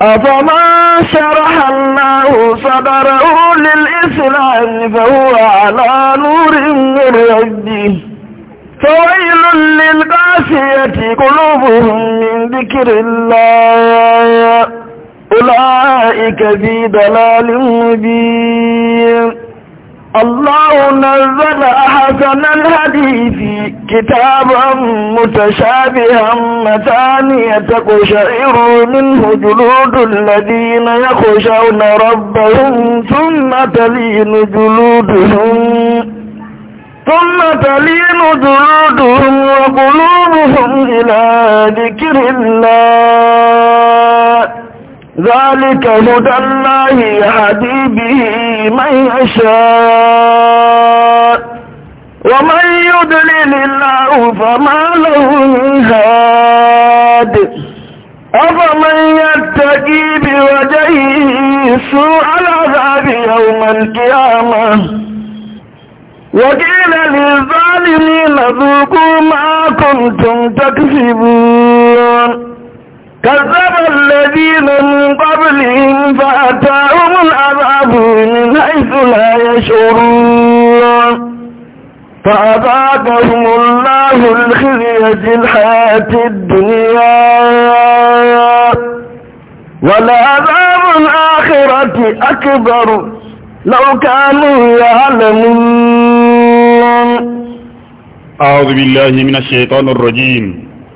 أفما شرح الله صدره للإسلام فهو على نور من ربه فويل للقاسية قلوبهم من ذكر الله أولئك في ضلال مبين الله نزل أحسن الحديث كتابا متشابها متانية تقشعر منه جلود الذين يخشون ربهم ثم تلين جلودهم ثم تلين جلودهم وقلوبهم إلى ذكر الله ذلك هدى الله يهدي به من يشاء ومن يضلل الله فما له من هاد أفمن يتقي بوجهه سوء العذاب يوم القيامة وقيل للظالمين ذوقوا ما كنتم تكسبون كذب الذين من قبلهم فأتاهم العذاب من حيث لا يشعرون فأذاقهم الله الخزي في الحياة الدنيا ولعذاب الآخرة أكبر لو كانوا يعلمون أعوذ بالله من الشيطان الرجيم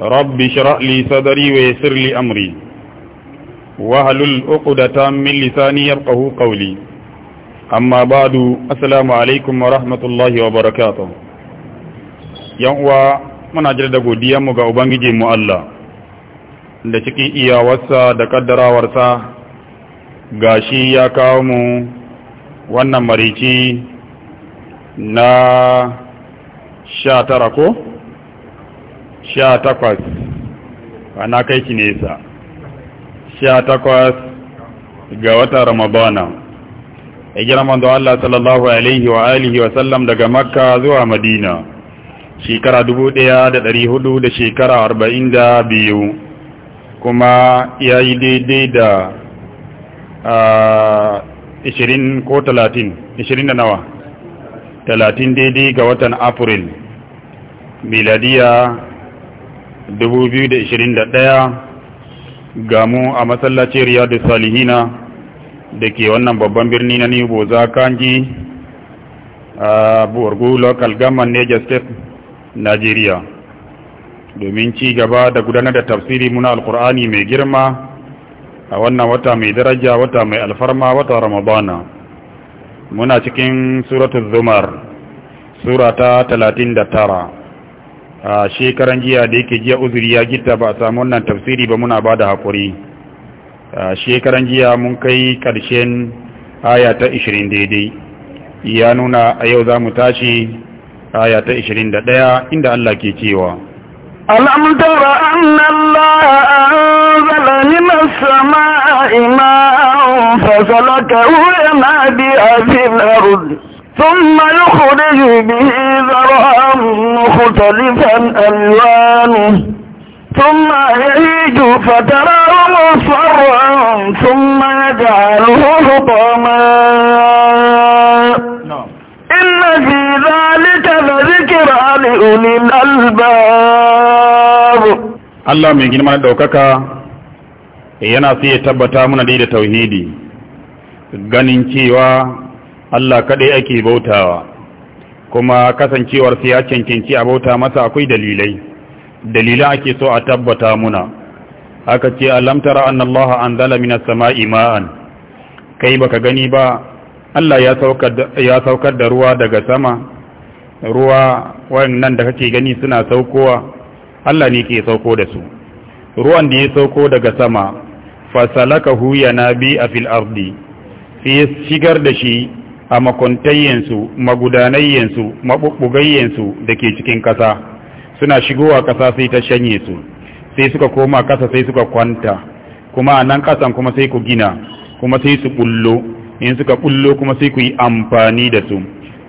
rabbi shirah li sadari wa yassir amri wa uku da min lisaniyar yafqahu qawli amma ba'du assalamu alaikum wa rahmatullahi wa barakatuh yan uwa muna jira da godiya mu ga ubangiji mu Allah da cikin iyawarsa da kaddarawarsa gashi ya kawo mu wannan marici na sha tara ko? sha takwas ana kai ki nesa sha takwas ga wata ramadana a gina manzo Allah sallallahu alaihi wa alihi wa sallam daga makka zuwa madina shekara dubu ɗaya da dari hudu da shekara arba'in da biyu kuma ya yi daidai da ishirin ko talatin ishirin da nawa talatin daidai ga watan april miladiya 2021 gamu a masallacin riyadu salihina da ke wannan babban birni na nibo za kanji a borgo local government niger state nigeria domin ci gaba da gudanar da tafsiri muna alkur'ani mai girma a wannan wata mai daraja wata mai alfarma wata ramadana muna cikin suratun zumar sura ta 39 A shekaran jiya da yake jiya uzuri ya gita ba a samu wannan tafsiri ba muna ba da haƙuri shekaran jiya mun kai ƙarshen aya ta 20 daidai ya nuna a yau za mu tashi aya ta 21 inda Allah ke cewa alam tara anna Allah anzala minas samaa'i ma'an fasalakahu yanabi fil ardh ثم يخرج به ذرعا مختلفا ألوانه ثم يهيج فتراه مصرا ثم يجعله حطما إن في ذلك لذكرى لأولي الألباب الله من جنما دوكاكا yana so ya tabbata muna dai ganin cewa Allah kaɗai ake bautawa kuma kasancewar ya cancanci a bauta masa akwai dalilai dalilan ake so a tabbata muna aka ce alam tara annallaha anzala minas sama'i ma'an kai baka gani ba Allah ya saukar da ruwa daga sama ruwa wayannan da kake gani suna saukowa Allah ne ke sauko da su ruwan da ya sauko daga sama fasalakahu yanabi a fil ardi sai shigar da shi a makwantayyansu magudanayensu, maɓuɓɓugayyansu da ke cikin ƙasa suna shigowa ƙasa sai ta shanye su sai suka koma ƙasa sai suka kwanta kuma a nan ƙasan kuma sai ku gina kuma sai su ɓullo in suka ɓullo kuma sai ku yi amfani da su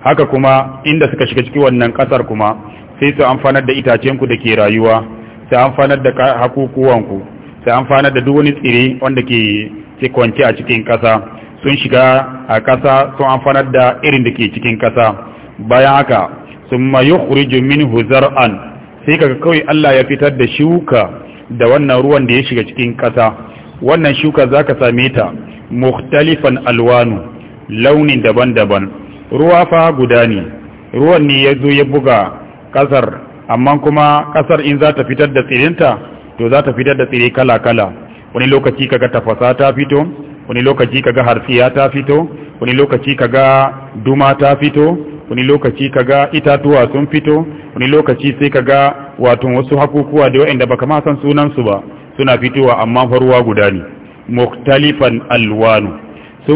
haka kuma inda suka shiga ciki wannan ƙasar kuma sai su amfanar da itacenku da ke rayuwa sai amfanar da hakukuwanku sai amfanar da duk wani tsire wanda ke kwanci a cikin ƙasa sun shiga a ƙasa sun amfanar da irin da ke cikin ƙasa bayan haka sun ma mini huzar an. sai kaga kawai Allah ya fitar da shuka da wannan ruwan da ya shiga cikin ƙasa wannan shuka za ka same ta muktalifan alwanu Launi daban-daban ruwa fa guda ne ruwan ne ya zo ya buga ƙasar amma kuma ƙasar in za ta fitar da tsirinta to za ta fitar da tsire kala-kala wani lokaci kaga tafasa ta fito wani lokaci kaga harfiya ta fito wani lokaci kaga duma ta fito wani lokaci kaga itatuwa sun fito wani lokaci sai kaga wato wasu hakukuwa da waɗanda baka ma san sunan su ba suna fitowa amma faruwa guda ne muktalifan alwanu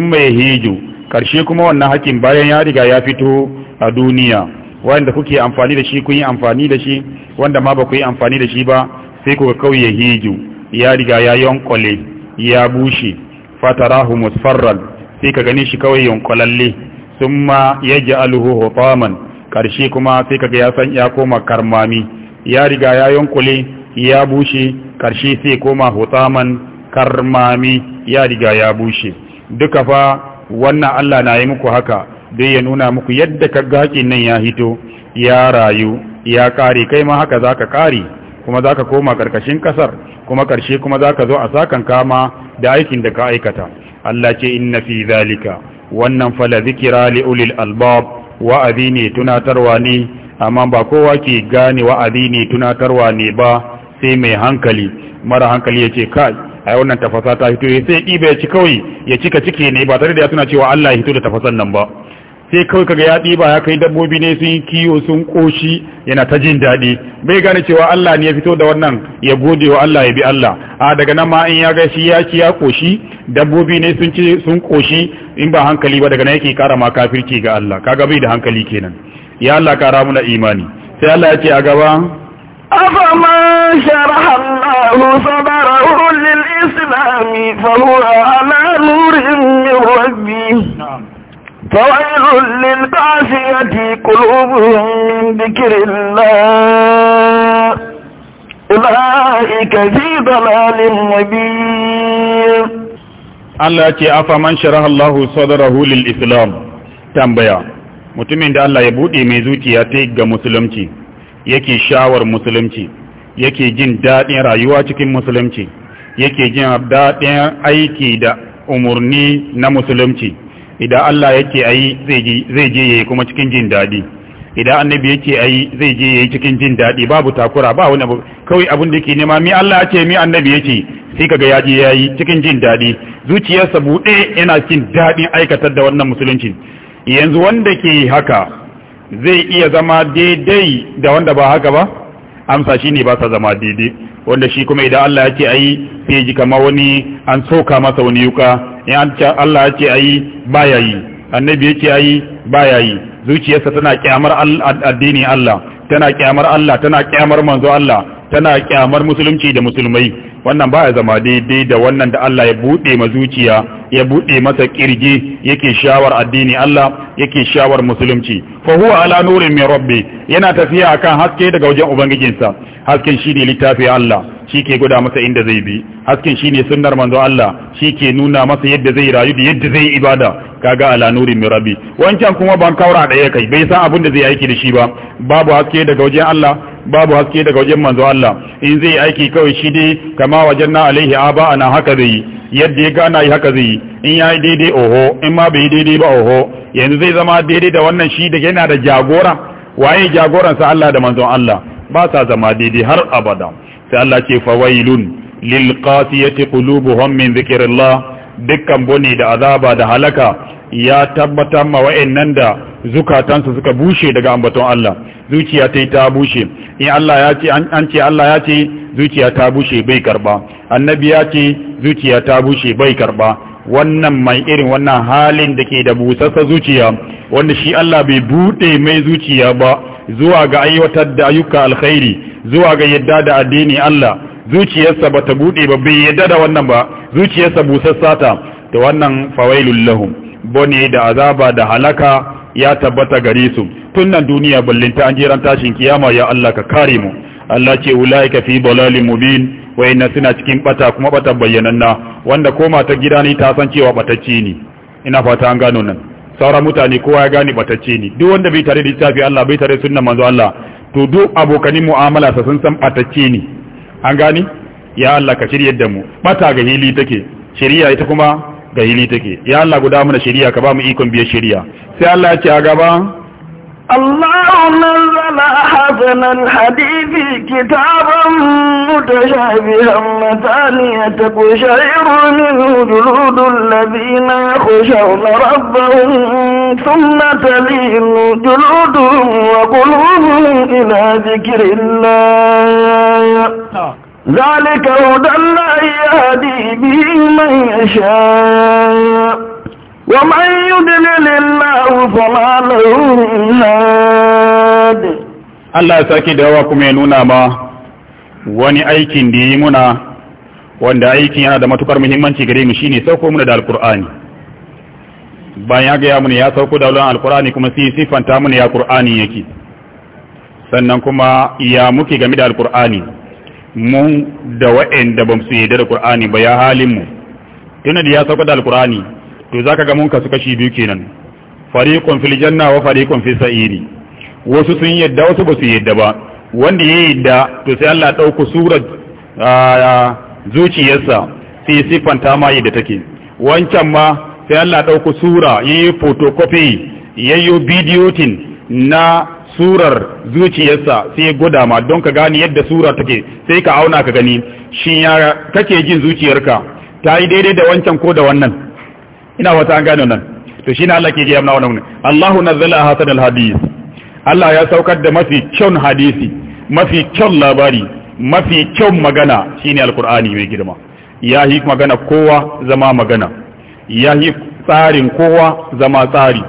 mai Hiju. karshe kuma wannan hakin bayan ya riga ya fito a duniya wanda kuke amfani da shi kun yi amfani da shi wanda ma ba ku yi amfani da shi ba sai kuka kauye hiju ya riga ya yonkole ya bushe fatarahu Musfarran, sai ka gani shi kawai yunkulalle ji yaj'aluhu hutaman ƙarshe kuma sai kaga ya san ya koma karmami ya riga ya yunkule ya bushe ƙarshe sai koma hutaman karmami ya riga ya bushe duka fa wannan Allah na yi muku haka don ya nuna muku yadda ka gaƙi nan ya hito ya rayu ya ƙare kai ma haka za ka ƙare, kuma za ka koma ƙarƙashin ƙasar? kuma karshe kuma zaka zo a sakan kama da aikin da ka aikata Allah ce inna fi zalika wannan fala zikira li ulil albab wa'azi ne tunatarwa ne amma ba kowa ke gane wa'azi ne tunatarwa ne ba sai mai hankali mara hankali ce kai ai wannan tafasa ta hito sai ɗiba ya ci kawai ya cika cike ne ba tare da ya tuna cewa Allah ya hito da tafasan nan ba sai kawai kaga ya ɗiba ya kai dabbobi ne sun yi kiwo sun ƙoshi yana ta jin daɗi bai gane cewa Allah ne ya fito da wannan ya gode wa Allah ya bi Allah a daga nan ma in ya ga shi ya ci ya ƙoshi dabbobi ne sun ci sun ƙoshi in ba hankali ba daga nan yake ƙara ma kafirci ga Allah kaga bai da hankali kenan ya Allah ƙara muna imani sai Allah ya ce a gaba أفما شرح الله صدره للإسلام فهو على نور من ربه فويل للقاسية قلوبهم من ذكر الله أولئك في ضلال مبين الله يأتي shirar Allah الله صدره islam tambaya mutumin da Allah ya buɗe mai zuciya ta ga musulunci yake shawar musulunci yake jin daɗin rayuwa cikin musulunci yake jin daɗin aiki da umarni na musulunci idan Allah yake ayi zai je yayi kuma cikin jin daɗi idan annabi yake ayi zai je yayi cikin jin daɗi babu takura ba wani abu kawai abin da yake nema mi Allah ce mi annabi yake sai kaga ya je yayi cikin jin daɗi zuciyarsa buɗe yana cikin daɗin aikatar da wannan musulunci yanzu wanda ke haka zai iya zama daidai da wanda ba haka ba amsa shine ba sa zama daidai wanda shi kuma idan Allah ya ce ayi sai ji kamar wani an soka masa wani yuka in Allah ya ce ayi baya yi annabi ya ce ayi baya yi zuciyarsa tana kyamar addini Allah tana kyamar Allah tana kyamar manzo Allah tana kyamar musulunci da musulmai wannan baya zama daidai da wannan da Allah ya bude ma zuciya ya buɗe masa kirji yake shawar addini Allah yake shawar musulunci fa huwa ala nurin min rabbi yana tafiya akan haske daga wajen ubangijinsa hasken shine littafi Allah shi ke guda masa inda zai bi hasken shine sunnar manzo Allah shi ke nuna masa yadda zai rayu da yadda zai ibada kaga ala nurin min rabbi wancan kuma ban kaura da kai bai san abin da zai aiki da shi ba babu haske daga wajen Allah babu haske daga wajen manzo Allah in zai aiki kawai shi dai kama wajenna alaihi aba ana haka zai yadda ya gana yi haka zai in ya yi daidai oho in ma bai daidai ba oho yanzu zai zama daidai da wannan shi da yana da jagora waye jagoransa Allah da manzon Allah ba sa zama daidai har abada sai Allah ce fawailun lil qasiyati qulubuhum min dhikrillah dukkan bone da azaba da halaka ya tabbatar ma wa'annan da zukatansu suka bushe daga ambaton Allah zuciya ta ta bushe in Allah ya ce an ce Allah ya ce zuciya ta bushe bai karba annabi ya ce zuciya ta bushe bai karba wannan mai irin wannan halin da ke da busassa zuciya wanda shi Allah bai bude mai zuciya ba zuwa ga aiwatar da ayyuka alkhairi zuwa ga yadda da addini Allah zuciyarsa ba ta bude ba bai yadda da wannan ba zuciyarsa busassa ta da wannan fawailul lahum bone da azaba da halaka ya tabbata gare su tun nan duniya ballinta an jiran tashin kiyama ya Allah ka kare mu Allah ce ulaika fi dalalin mubin inna suna cikin bata kuma bata bayyananna wanda koma ta gida ne ta san cewa batacce ne ina fata an gano nan saura mutane kowa ya gane batacce ne duk wanda bai tare da littafi Allah bai tare sunnan manzo Allah to duk abokanin mu'amala sa sun san batacce ne an gane ya Allah ka shirye da mu bata ga hili take shiriya ita kuma gayili take ya Allah guda shari'a ka ba ikon biye shari'a sai Allah ya a gaba Allahumma zala hadana al-hadidi kitaban mutashabihan mataniya taqshayru min wududul ladina khashawna rabbahum thumma talinu juludum wa quluhum ila dhikrillah ذلك هدى الله يهدي به من يشاء ومن يدلل الله فما له من هاد الله ساكي دعوة كما ينونا ما wani aikin da yi muna wanda aikin yana da matukar muhimmanci gare mu shine sauko muna da alkur'ani bayan ya gaya muna ya sauko da wulan alkur'ani kuma sai sifanta muna ya qur'ani yake sannan kuma ya muke game da alkur'ani mu da da ba su yadda da Qur'ani ba ya halin mu tunda da ya sauka da Al-Qur'ani to zaka ga mun kasu kashi biyu kenan fariqun fil janna wa fariqun fis sa'iri wasu sun yadda wasu ba su yadda ba wanda ya da to sai Allah dauko surar zuciyarsa sai siffanta ma da take wancan ma sai Allah dauko sura yayi photocopy yayi bidiyotin na surar zuciyarsa sai ya gwada ma don ka gane yadda sura take sai ka auna ka gani shin ya kake jin zuciyarka ta yi daidai da wancan ko da wannan ina wata an gane nan to shi na Allah ke gaya wannan Allahu nazzala hasanal hadith Allah ya saukar da mafi kyau hadisi mafi kyau labari mafi kyau magana shine alqur'ani mai girma ya yi magana kowa zama magana ya yi tsarin kowa zama tsari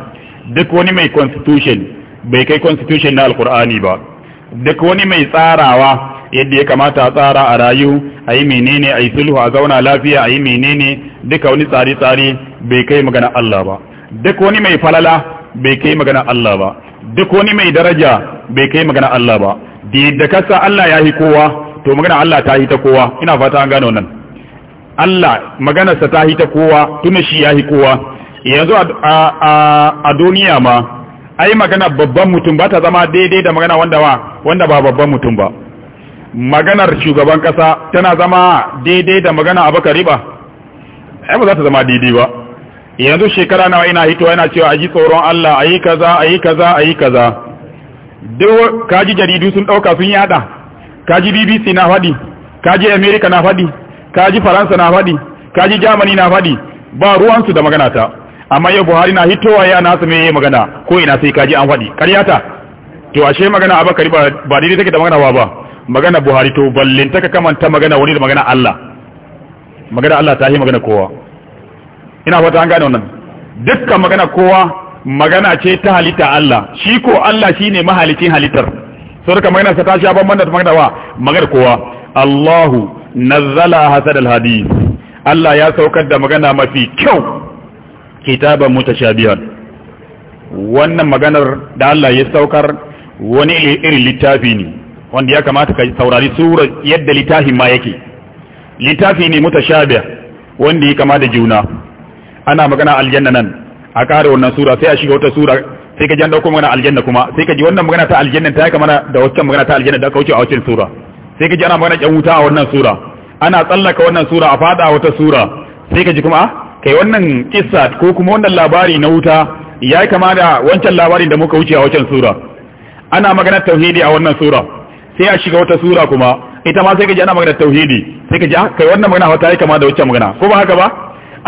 duk wani mai constitution bai kai constitution na alkur'ani ba duk wani mai tsarawa yadda ya kamata a tsara a rayu a yi menene a yi sulhu a zauna lafiya a yi menene duka wani tsari-tsari bai kai magana Allah ba duk wani mai falala bai kai magana Allah ba duk wani mai daraja bai kai magana Allah ba da kasa Allah ya yi kowa to magana Allah ta yi ta kowa ina fata an gano nan Allah maganarsa ta yi ta kowa tuna shi ya yi kowa yanzu a duniya ma ai magana babban mutum ba ta zama daidai da magana wanda ba wanda ba babban mutum ba maganar shugaban kasa tana zama daidai da magana abaka riba ai ba za ta zama daidai ba yanzu shekara nawa ina hito yana cewa aji tsoron Allah ayi kaza ayi kaza ayi kaza duk kaji jaridu sun dauka sun yada kaji BBC na fadi kaji America na fadi kaji Faransa na fadi kaji Germany na fadi ba ruwansu da magana ta amma yau buhari na hitowa ya nasa me magana ko ina sai kaji an faɗi ƙaryata to ashe magana abakari ba daidai take da magana ba ba magana buhari to ballin taka kamanta magana wani da magana Allah magana Allah ta yi magana kowa ina fata an gane wannan dukkan magana kowa magana ce ta halitta Allah shi ko Allah shi ne mahalicin halittar sau ka magana ta sha ban da magana wa magana kowa Allahu nazzala hasadal hadith Allah ya saukar da magana mafi kyau kitaban mutashabihan wannan maganar da Allah ya saukar wani irin littafi ne wanda ya kamata ka saurari sura yadda littafin ma yake littafi ne mutashabih wanda ya kama da juna ana magana aljanna nan a kare wannan sura sai a shiga wata sura sai ka ji an dauko magana aljanna kuma sai ka ji wannan magana ta aljanna ta kama da waccan magana ta aljanna da aka wuce a waccan sura sai ka ji ana magana yan wuta a wannan sura ana tsallaka wannan sura a fada a wata sura sai ka ji kuma ah, kai wannan kissa ko kuma wannan labari na wuta ya yi kama da wancan labarin da muka wuce a wancan sura ana magana tauhidi a wannan sura sai a shiga wata sura kuma ita ma sai ka ji ana magana tauhidi sai ka ji ah, kai wannan magana wata ya kama da wancan magana ko ba haka ba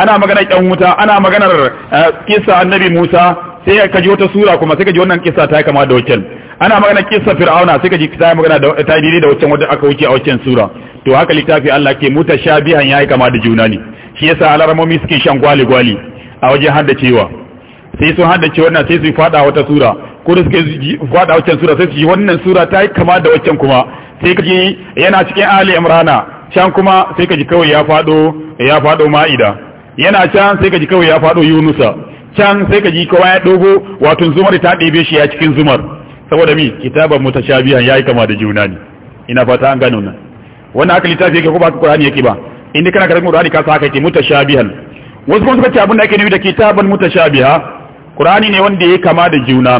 ana magana yan wuta ana maganar eh, kissa annabi Musa sai ka ji wata sura kuma sai ka ji wannan kissa ta yi kama da wancan ana magana kissa fir'auna sai ka ji ta magana da ta dide da wancan wanda aka wuce a wancan sura to haka littafi Allah ke mutashabihan yayi kama da juna ne shi yasa alarmomi suke shan gwali gwali a wajen hada cewa sai sun cewa wannan sai su fada wata sura ko da suke fada waccan sura sai su yi wannan sura ta yi kama da waccan kuma sai ka ji yana cikin ali imrana can kuma sai ka ji kawai ya fado ya fado ma'ida yana can sai ka ji kawai ya fado yunusa can sai ka ji kawai ya dogo wato zumar ta ɗebe shi ya cikin zumar saboda mi kitaban mutashabihan yayi kama da juna ne ina fata an gano nan wannan aka littafi yake ko ba ka qur'ani yake ba inda kana karatun Qur'ani ka saka ke mutashabihan wasu kuma suka ce abin da ake nufi da kitaban mutashabiha Qur'ani ne wanda ya kama da juna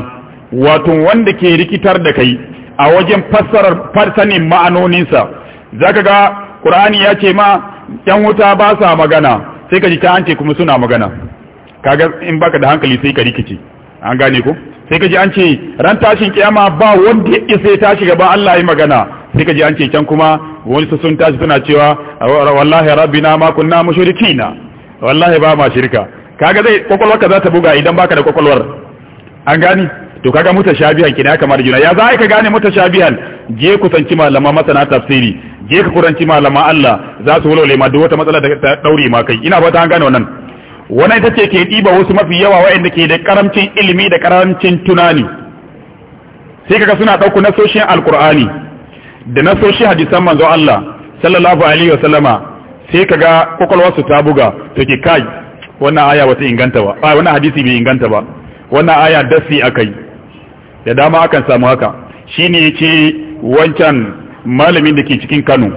wato wanda ke rikitar da kai a wajen fassarar farsanin ma'anoninsa ka ga kur'ani ya ce ma yan wuta ba sa magana sai ka ji ta an ce kuma suna magana kaga in baka da hankali sai ka rikice an gane ko sai ka ji an ce ran tashin kiyama ba wanda ya isa ya tashi gaba Allah ya magana sai ka ji an ce can kuma wani su sun tashi suna cewa wallahi na ma kunna mushrikina wallahi ba ma shirka kaga zai ka za ta buga idan baka da kwakwalwar an gani to kaga mutashabihan kina ya kamar juna ya za ka gane mutashabihan je kusanci malama masana tafsiri je ka kuranci malama Allah za su wulwale ma duk wata matsala da ta daure ma kai ina fata an gane wannan wannan ita ce ke ɗiba wasu mafi yawa waɗanda ke da karamcin ilimi da karamcin tunani sai kaga suna na nasoshin alkur'ani da na so shi hadisan manzo Allah sallallahu alaihi wa sallama sai kaga su ta buga to ke kai wannan aya wata inganta ba ai wannan hadisi bai inganta ba wannan aya dasi akai da dama akan samu haka shine yace wancan malamin da ke cikin Kano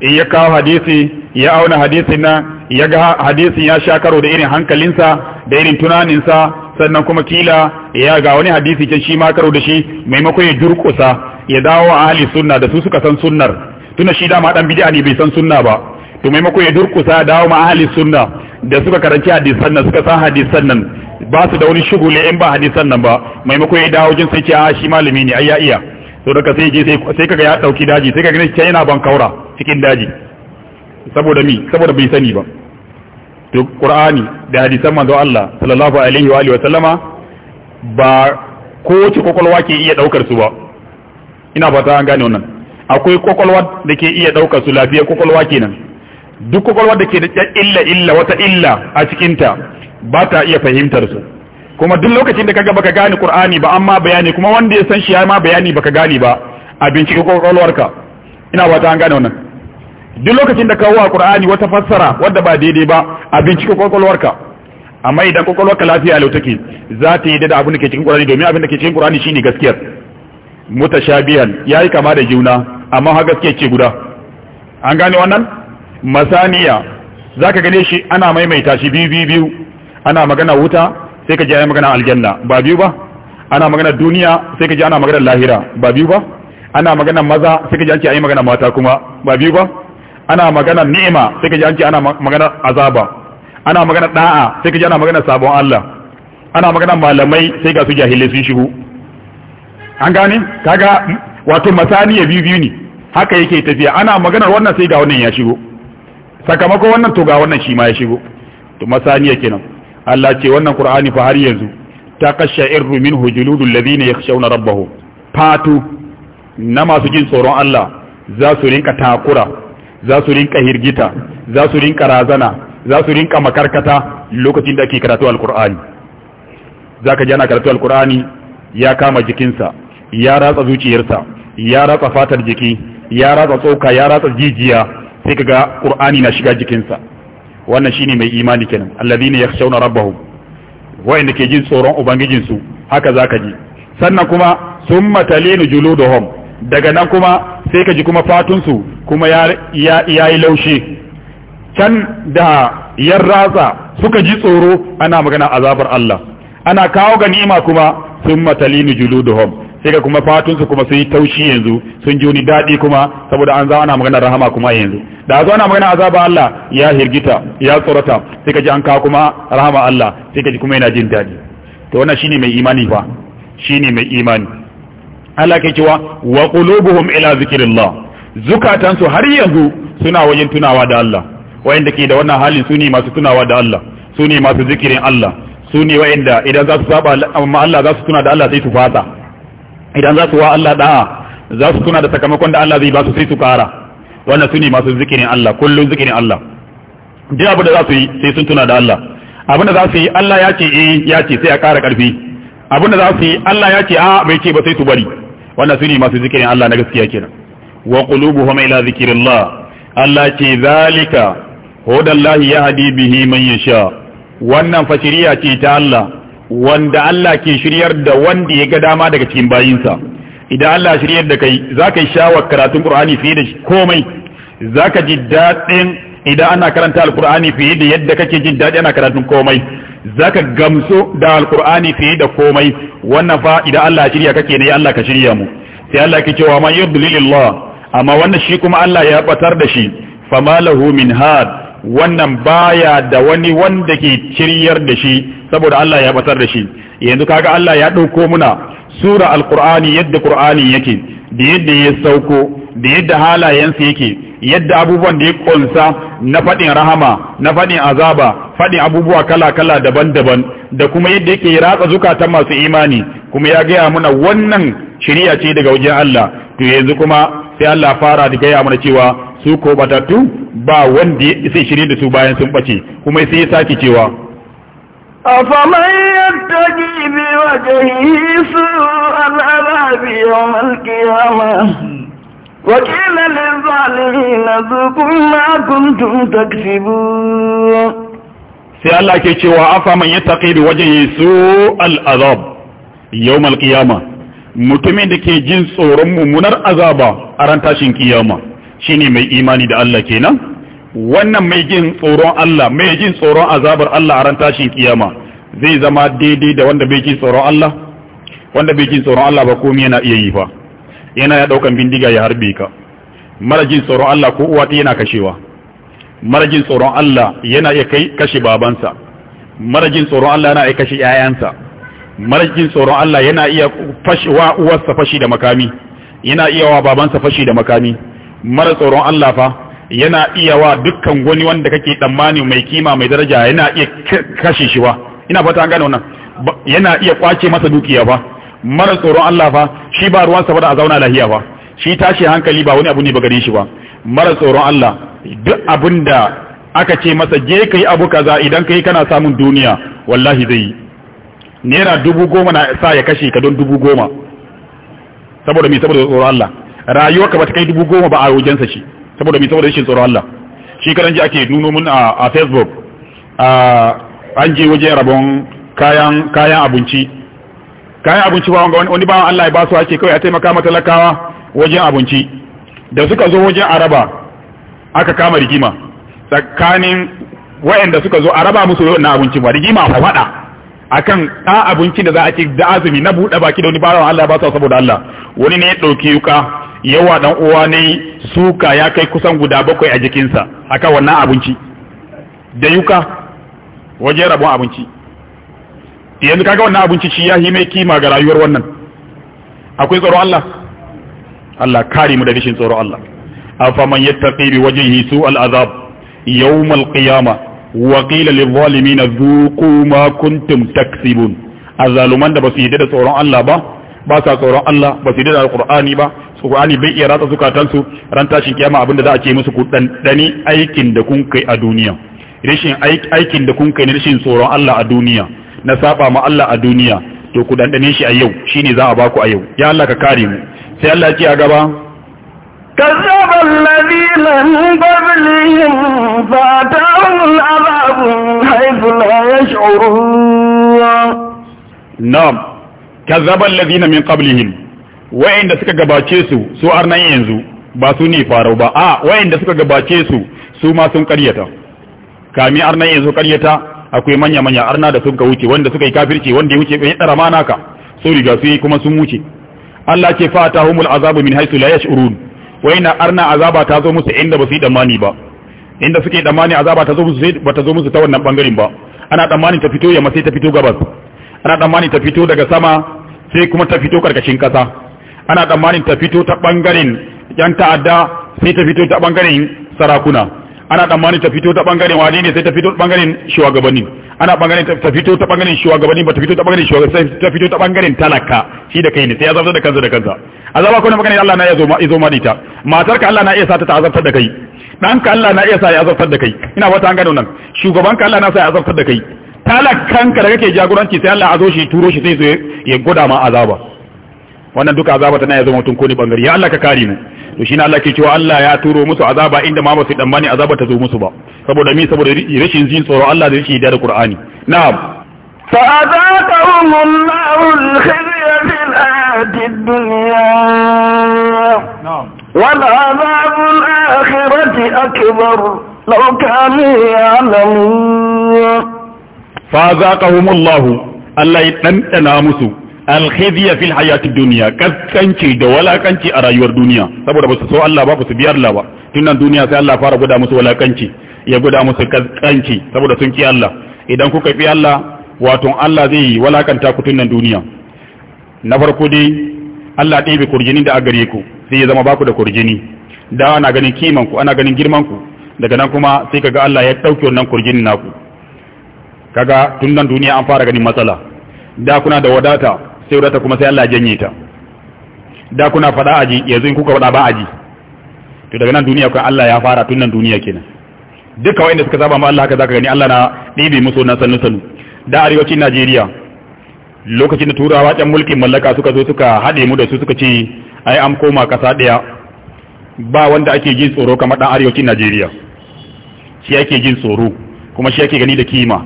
in ya kawo hadisi ya auna hadisin na ya ga hadisin ya sha karo da irin hankalinsa da irin tunaninsa sannan kuma kila ya ga wani hadisi can shi ma karo da shi maimakon ya durkusa ya dawo a ahli sunna da su suka san sunnar tuna shi dama dan bid'a ne bai san sunna ba to maimakon ya durkusa dawo ma ahli sunna da suka karanci hadisan nan suka san hadisan nan ba su da wani shugule in ba hadisan nan ba maimakon ya dawo jin sai ce a shi malami ne ayya iya to daga sai je sai kaga ya dauki daji sai kaga ne yana ban kaura cikin daji saboda mi saboda bai sani ba to Qur'ani da hadisan manzo Allah sallallahu alaihi wa sallama ba kowace kwakwalwa ke iya daukar su ba ina fata an gane wannan akwai kwakwalwa da ke iya daukar su lafiya kwakwalwa kenan duk kwakwalwa da ke da illa illa wata illa a cikinta ba ta iya fahimtar su kuma duk lokacin da kaga baka gane Qur'ani ba amma bayani kuma wanda ya san shi ya ma bayani baka gane ba a bincike kwakwalwarka ina fata an gane wannan duk lokacin da kawo a ƙur'ani wata fassara wadda ba daidai ba a bincike kwakwalwarka amma idan kwakwalwarka lafiya lau take za ta yi da abin da ke cikin ƙur'ani domin abin da ke cikin ƙur'ani shine gaskiyar mutashabihan yi kama da juna amma ha gaskiya ce guda an gane wannan masaniya Za ka gane shi ana maimaita shi biyu biyu biyu ana magana wuta sai ka ji ana magana aljanna ba biyu ba ana magana duniya sai ka ji ana magana lahira ba biyu ba ana magana maza sai ka ji an ce ayi magana mata kuma ba biyu ba ana magana ni'ima sai kaji an ce ana magana azaba ana magana da'a sai kaji ana magana sabon Allah ana magana malamai sai ga su jahilai sun shigo an gane kaga wato masaniya biyu biyu ne haka yake tafiya ana magana wannan sai ga wannan ya shigo sakamakon wannan to ga wannan shi ma ya shigo to masaniya kenan Allah ce wannan Qur'ani fa har yanzu ta qashairu minhu juludul ladina yakhshawna rabbahum fatu na masu jin tsoron Allah za su rinka takura za su rinka hirgita za su rinka razana za su rinka makarkata lokacin da ake karatu alkur'ani za ka jana karatu alkur'ani ya kama jikinsa ya ratsa zuciyarsa ya ratsa fatar jiki ya ratsa tsoka ya ratsa jijiya sai ka ga ƙur'ani na shiga jikinsa wannan shine mai imani kenan alladhina yakhshawna rabbahum wa'inda ke jin tsoron ubangijinsu haka zaka ji sannan kuma summa talinu juludahum daga nan kuma sai ka ji kuma fatunsu kuma ya yi laushi can da yan ratsa suka ji tsoro ana magana azabar Allah ana kawo ganima kuma sun matalini juluduhum sai ka kuma fatunsu kuma sun yi taushi yanzu sun ji wani daɗi kuma saboda an zama ana magana rahama kuma yanzu da zo ana magana azabar Allah ya hirgita ya tsorata sai ka ji an kawo kuma rahama Allah sai ka ji kuma yana jin daɗi to wannan shine mai imani fa shine mai imani Allah ke cewa wa qulubuhum ila zikrillah zukatan su har yanzu suna wajen tunawa da Allah wayanda ke da wannan halin su ne masu tunawa da Allah su ne masu zikirin Allah su ne wayanda idan za su saba amma Allah za su tuna da Allah sai su fasa idan za su wa Allah da'a za su tuna da sakamakon da Allah zai ba su sai su kara wannan su ne masu zikirin Allah kullun zikirin Allah duk abu da za su yi sai sun tuna da Allah abin da za su yi Allah ya ce eh ya ce sai a kara karfi abin da za su yi Allah ya ce a ah, bai ce ba sai su bari wannan sune masu zikirin Allah na gaskiya kenan wa qulubuhum ila zikrillah Allah ce zalika hudallahi yahdi bihi man yasha wannan fa ce ta Allah wanda Allah ke shiryar da wanda ya ga dama daga cikin bayinsa idan Allah shiryar da kai zaka yi shawar karatun Qur'ani fiye da komai zaka ji dadin idan ana karanta alkur'ani fiye da yadda kake jin daɗi ana karatun komai zaka gamso da alqur'ani fiye da komai wannan fa idan Allah ya shirya kake ne Allah ka shirya mu sai Allah ke cewa man yudlilillah amma wannan shi kuma Allah ya batar da shi fama lahu min had wannan baya da wani wanda ke shiryar da shi saboda Allah ya batar da shi yanzu kaga Allah ya dauko muna sura alqur'ani yadda qur'ani yake da yadda ya sauko da yadda halayensu yake yadda abubuwan da ya kunsa na faɗin rahama na faɗin azaba faɗin abubuwa kala-kala daban-daban da kuma yadda yake ratsa zukatan masu imani kuma ya gaya mana wannan shirya ce daga wajen Allah to yanzu kuma sai Allah fara da gaya mana cewa su ko batattu ba wanda sai shirye da su bayan sun bace kuma sai ya sake cewa أفمن يتقي بوجهه سوء العذاب يوم القيامة وقيل للظالمين ذوقوا ما كنتم تكسبون sai Allah ke cewa afa man ya taƙi da wajen yesu al'azab yau malƙiyama mutumin da ke jin tsoron mummunar azaba a ran tashin kiyama shine mai imani da Allah kenan wannan mai jin tsoron Allah mai jin tsoron azabar Allah a ran tashin kiyama zai zama daidai da wanda bai jin tsoron Allah wanda bai jin tsoron Allah ba komai yana iya yi fa yana ya daukan bindiga ya harbe ka marajin tsoron Allah ko uwa yana kashewa marajin tsoron Allah yana iya kai kashe babansa marajin tsoron Allah yana iya kashe yayansa marajin tsoron Allah yana iya fashewa uwarsa fashi da makami yana iya wa babansa fashi da makami mara tsoron Allah fa yana iya wa dukkan wani wanda kake tsammani mai kima mai daraja yana iya kashe shi wa ina fata an gane wannan yana iya kwace masa dukiya fa mara tsoron Allah fa shi ba ruwan sa ba da a zauna lahiya fa shi tashi hankali ba wani abu ne ba gare shi ba mara tsoron Allah duk abin da aka ce masa je kai abu kaza idan kai kana samun duniya wallahi zai yi naira dubu goma na sa ya kashe ka don dubu goma saboda me saboda tsoron Allah rayuwarka ba ta kai dubu goma ba a wajensa shi saboda me saboda shi tsoron Allah shi karan ji ake nuno mun a Facebook an je waje rabon kayan kayan abinci kayan abinci ba wani bawan Allah ya basu ake kawai a taimaka matalakawa wajen abinci da suka zo wajen araba aka kama rigima tsakanin wayanda suka zo araba musu na abinci ba rigima fa fada akan da abinci da za a ci da azumi na buɗe baki da wani bawan Allah ya basu saboda Allah wani ne ya ɗauki yuka yawa dan uwa ne suka ya kai kusan guda bakwai a jikinsa akan wannan abinci da yuka wajen rabon abinci yanzu kaga wannan abinci ci ya yi mai kima ga rayuwar wannan akwai tsoro Allah Allah kare mu da rashin tsoro Allah afaman yattaqi bi wajhihi su'al azab yawm al-qiyamah wa qila lil zalimin dhuqu ma kuntum taksibun azaluman da basu yi da tsoron Allah ba ba sa tsoron Allah ba su yadda da alqur'ani ba qur'ani bai iya ratsa zukatansu ran tashin kiyama abinda za a ce musu ku dan dani aikin da kun kai a duniya rashin aikin da kun kai rashin tsoron Allah a duniya na saba ma Allah a duniya to ku dandane shi a yau shine za a baku a yau ya Allah ka kare mu sai Allah ce a gaba كذب الذين من قبلهم فأتاهم العذاب حيث لا يشعرون نعم كذب الذين من قبلهم وإن suka gabace su su arnan yanzu ba su ne farau ba a wayanda suka gabace su su ma sun karyata kami arnan yanzu karyata akwai manya manya arna da suka wuce wanda suka yi kafirci wanda ya wuce bai dara ma naka so riga su kuma sun wuce Allah ce humul azabu min haythu la yash'urun waina arna azaba ta zo musu inda ba su yi damani ba inda suke damani azaba ta zo musu sai ba ta zo musu ta wannan bangaren ba ana damani ta fito yamma sai ta fito gabas ana damani ta fito daga sama sai kuma ta fito karkashin kasa ana damani ta fito ta bangaren yan ta'adda sai ta fito ta bangaren sarakuna ana tsammanin ta fito ta bangaren wani ne sai ta fito ta bangaren shugabanni ana bangaren ta fito ta bangaren shugabanni ba ta fito ta bangaren shugabanni sai ta fito ta bangaren talaka shi da kai ne sai ya azabtar da kansa da kansa azaba ko ne magana Allah na ya zo ma izo ma dita matarka Allah na iya sa ta azabtar da kai danka Allah na iya sa ya azabtar da kai ina fata an gano nan shugabanka Allah na sa ya azabtar da kai talakanka da kake jagoranci sai Allah azo shi turo shi sai ya goda ma azaba wannan duka azaba ta na ya zama mutun ko ne bangare ya Allah ka kare mu to shine Allah ke cewa Allah ya turo musu azaba inda ma ba su dan bani azaba ta zo musu ba saboda me saboda rashin jin tsoro Allah da yake da Qur'ani na'am fa azaqahum Allahu al-khizya fil hayati ad-dunya na'am wal azab al-akhirati akbar law kanu ya'lamun fa azaqahum Allah Allah ya dandana musu alkhidiya fil hayatid dunya kaskanci da walakanci a rayuwar duniya saboda basu so Allah ba basu biyar Allah ba tunan duniya sai Allah fara guda musu walakanci ya guda musu kaskanci saboda sun ki Allah idan kuka fi Allah wato Allah zai walakanta ku tunan duniya na farko dai Allah ɗebe kurjini da agare ku sai ya zama baku da kurjini da ana ganin kiman ku ana ganin girman ku daga nan kuma sai kaga Allah ya dauke wannan kurjini naku kaga tunan duniya an fara ganin matsala da kuna da wadata sai wadata kuma sai Allah janye ta da kuna faɗa aji yanzu in kuka faɗa ba aji to daga nan duniya kuma Allah ya fara tun nan duniya kenan duka wanda suka saba ma Allah haka zaka gani Allah na ɗibi musu na sanu sanu da arewacin Najeriya lokacin da turawa can mulkin mallaka suka zo suka haɗe mu da su suka ce ai an koma ƙasa ɗaya ba wanda ake jin tsoro kamar ɗan arewacin Najeriya shi ake jin tsoro kuma shi ake gani da kima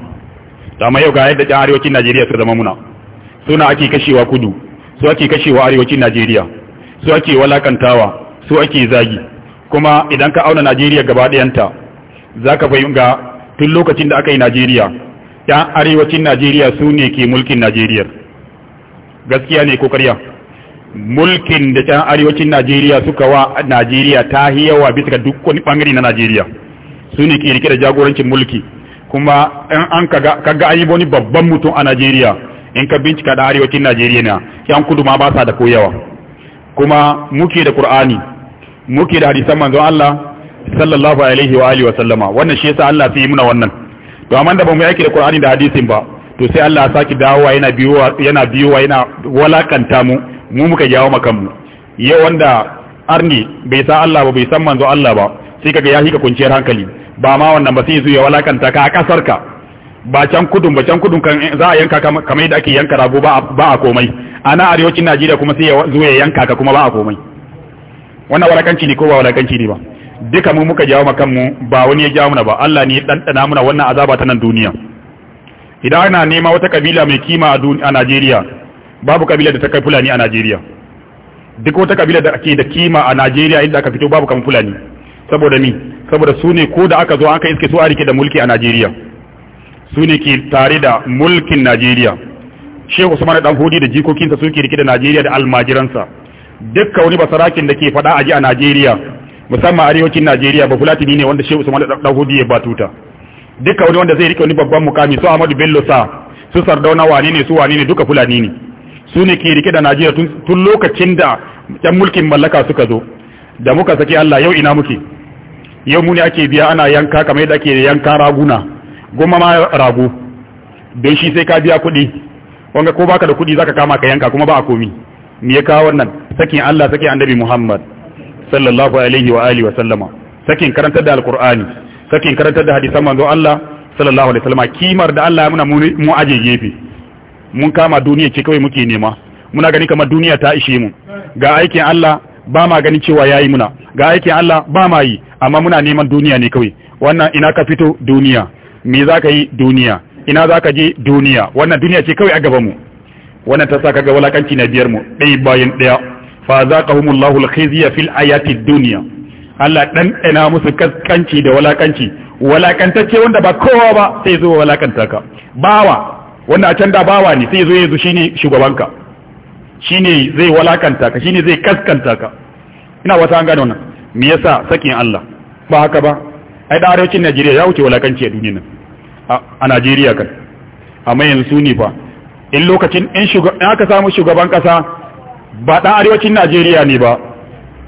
to amma yau ga yadda ɗan arewacin Najeriya suka zama muna suna ake kashewa kudu su ake kashewa arewacin Najeriya su ake walakantawa su ake zagi kuma idan ka auna Najeriya gaba ɗayanta za ka fahimga tun lokacin da aka yi Najeriya ‘yan arewacin Najeriya su ne ke mulkin Najeriya gaskiya ne ko karya mulkin da ‘yan arewacin Najeriya suka wa Najeriya ta hiyawa bisa ga duk wani bangare na Najeriya su ne ke rike da jagorancin mulki kuma in an ga an yi wani babban mutum a Najeriya in ka bincika da arewacin Najeriya na yan kudu ma ba sa da koyawa kuma muke da Qur'ani muke da hadisan manzon Allah sallallahu alaihi wa alihi wa sallama wannan shi yasa Allah sai muna wannan to amma da ba mu yake da Qur'ani da hadisin ba to sai Allah ya saki dawowa yana biyo yana biyo yana walakanta mu mu muka jawo makan mu yau wanda arni bai san Allah ba bai san manzon Allah ba sai kaga ya hika kunciyar hankali ba ma wannan ba sai zuwa walakanta ka a kasar ka ba can kudun ba can kudun kan za a yanka kamar yadda ake yanka rago ba a komai ana arewacin Najeriya kuma sai ya zo ya yanka ka kuma ba a komai wannan walakanci ne ko ba walakanci ne ba duka mu muka jawo ma kanmu ba wani ya jawo mana ba Allah ne ya dandana mana wannan azaba ta nan duniya idan ana nema wata kabila mai kima a Najeriya babu kabila da ta kai fulani a Najeriya duk wata kabila da ake da kima a Najeriya inda aka fito babu kan fulani saboda ni saboda su ne ko da aka zo aka iske su a rike da mulki a Najeriya su ne ke tare da mulkin Najeriya Shehu Usman dan Hudi da jikokinsa suke rike da Najeriya da almajiransa dukka wani basarakin da ke fada aji a Najeriya musamman arewacin Najeriya ba fulatini ne wanda Shehu Usman dan Hudi ya batuta dukka wani wanda zai rike wani babban mukami su Ahmadu Bello sa su Sardauna wane ne su wane ne duka fulani ne su ne ke rike da Najeriya tun lokacin da yan mulkin mallaka suka zo da muka saki Allah yau ina muke yau mu ne ake biya ana yanka kamar yadda ake yanka raguna goma ma rago don shi sai ka biya kuɗi wanga ko baka da kuɗi zaka kama ka yanka kuma ba a komi me ya kawo wannan sakin Allah sakin annabi Muhammad sallallahu alaihi wa alihi wa sallama sakin karantar da alqur'ani sakin karantar da hadisan manzo Allah sallallahu alaihi wa sallama kimar da Allah ya muna mu aje gefe mun kama duniya ce kawai muke nema muna gani kamar duniya ta ishe mu ga aikin Allah ba ma gani cewa yayi muna ga aikin Allah ba ma yi amma muna neman duniya ne kawai wannan ina ka fito duniya me za ka yi duniya ina za ka je duniya wannan duniya ce kawai a mu wannan ta sa ka ga walakanci na biyar mu ɗaya bayan daya fa za ka humu Allahu alkhizya fil ayati duniya Allah dan ina musu kaskanci da walakanci walakantacce wanda ba kowa ba sai zo walakanta ka bawa wanda a can da bawa ne sai zo yanzu shine shugabanka shine zai walakanta ka shine zai kaskanta ka ina wata an gano nan me yasa sakin Allah ba haka ba ai da arewacin Najeriya ya wuce walakanci a duniya nan a Najeriya kan amma yanzu ne fa in lokacin in aka samu shugaban kasa ba dan arewacin Najeriya ne ba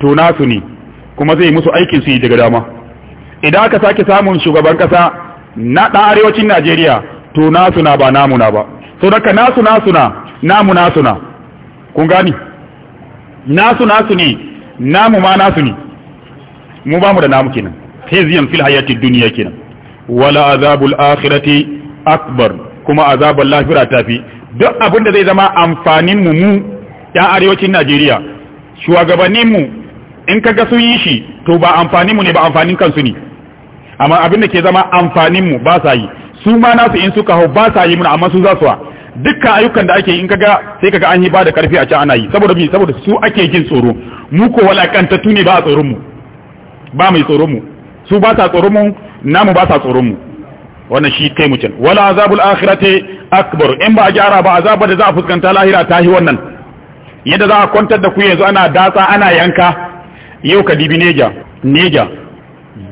to nasu ne kuma zai musu aikin su yi daga dama idan aka sake samun shugaban kasa na dan arewacin Najeriya to nasu na ba namu na ba so daga nasu nasu na namu nasu na kun gani nasu nasu ne namu ma nasu ne mu ba mu da namu kenan khizyan fil hayati duniya kenan wala azabul akhirati akbar kuma azabul lafira tafi duk abin da zai zama amfanin mu mu yan arewacin Najeriya shugabannin mu in kaga sun yi shi to ba amfanin mu ne ba amfanin kansu ne amma abin da ke zama amfanin mu ba sa yi su ma nasu in suka hau ba sa yi mun amma su za su wa dukkan ayyukan da ake in kaga sai kaga an yi ba da karfi a can ana yi saboda mi saboda su ake jin tsoro mu ko walakantattu ne ba a tsoron mu ba mai tsoron mu su ba sa tsoron mu namu ba sa tsoron mu wannan shi kai mu can wala azabul akhirati akbar in ba a gyara ba azabar da za a fuskanta lahira ta yi wannan yadda za a kwantar da ku yanzu ana datsa ana yanka yau ka dibi neja neja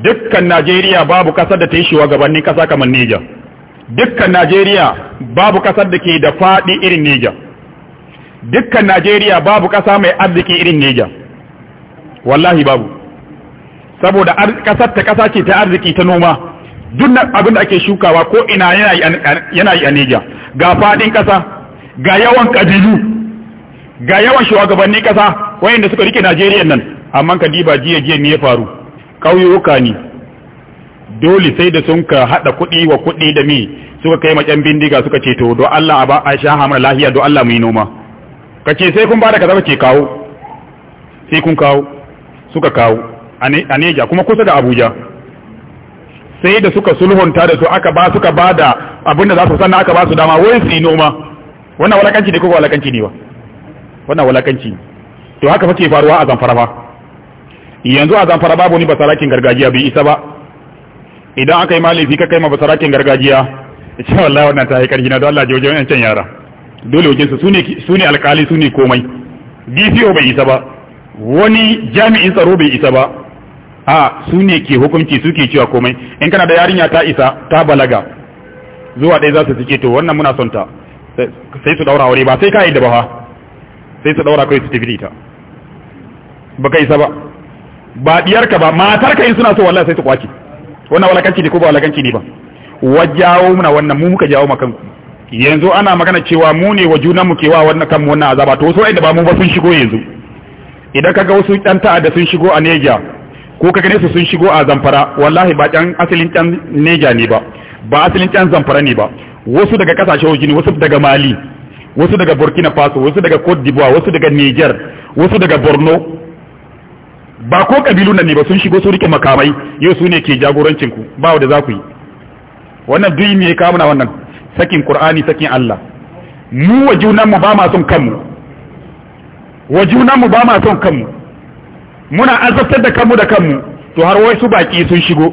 dukkan najeriya babu kasar da ta yi shiwa gabanin kasa kamar neja dukkan najeriya babu kasar da ke da faɗi irin neja dukkan najeriya babu kasa mai arziki irin neja wallahi babu saboda kasar ta kasa ce ta arziki ta noma duk abin da ake shukawa ko ina yana yi a Niger ga faɗin kasa ga yawan kabilu ga yawan shugabanni kasa wayanda suka rike Najeriya nan amma ka diba jiya jiya ne ya faru kauyuka ne dole sai da sun ka hada kuɗi wa kuɗi da mi suka kai maƙyan bindiga suka ce to don Allah a ba a sha hamar lahiya don Allah mu noma ka ce sai kun ba da kaza ce kawo sai kun kawo suka kawo a Neja kuma kusa da Abuja sai da suka sulhunta da su aka ba suka ba da abin da za su sanna aka ba su dama wai su yi noma wannan walakanci ne ko walakanci ne ba wannan walakanci to haka fa ke faruwa a zamfara ba yanzu a zamfara babu ni basarakin gargajiya bai isa ba idan aka yi malifi ka kai ma basarakin gargajiya cewa wallahi wannan ta yi karfi na don Allah je wajen yancan yara dole wajen su sune sune alkali sune komai DPO bai isa ba wani jami'in tsaro bai isa ba a su ne ke hukunci suke cewa komai in kana da yarinya ta isa ta balaga zuwa ɗaya za su suke to wannan muna son ta sai su daura aure ba sai ka yi da ba sai su daura kai su tafi ta ba ka isa ba ba diyarka ba matar ka in suna so wallahi sai su kwace wannan walakanci ne ko ba walakanci ne ba wajawo muna wannan mu muka jawo makan yanzu ana magana cewa mu ne wa junan mu kewa wannan kanmu wannan azaba to so ai da ba mu ba sun shigo yanzu idan kaga wasu dan ta'adda sun shigo a Niger ko ka ganin su sun shigo a zamfara wallahi ba can asalin can neja ne ba ba asalin can zamfara ne ba wasu daga kasashen waje ne wasu daga mali wasu daga burkina faso wasu daga cote d'ivoire wasu daga niger wasu daga borno ba ko kabilu nan ne ba sun shigo su rike makamai yau su ne ke jagorancin ku ba da za ku yi wannan duk me ya kamuna wannan sakin qur'ani sakin allah mu wa junan mu ba ma son kanmu wa junan mu ba ma son kanmu muna azabtar da kanmu da kanmu to har wai su baki sun shigo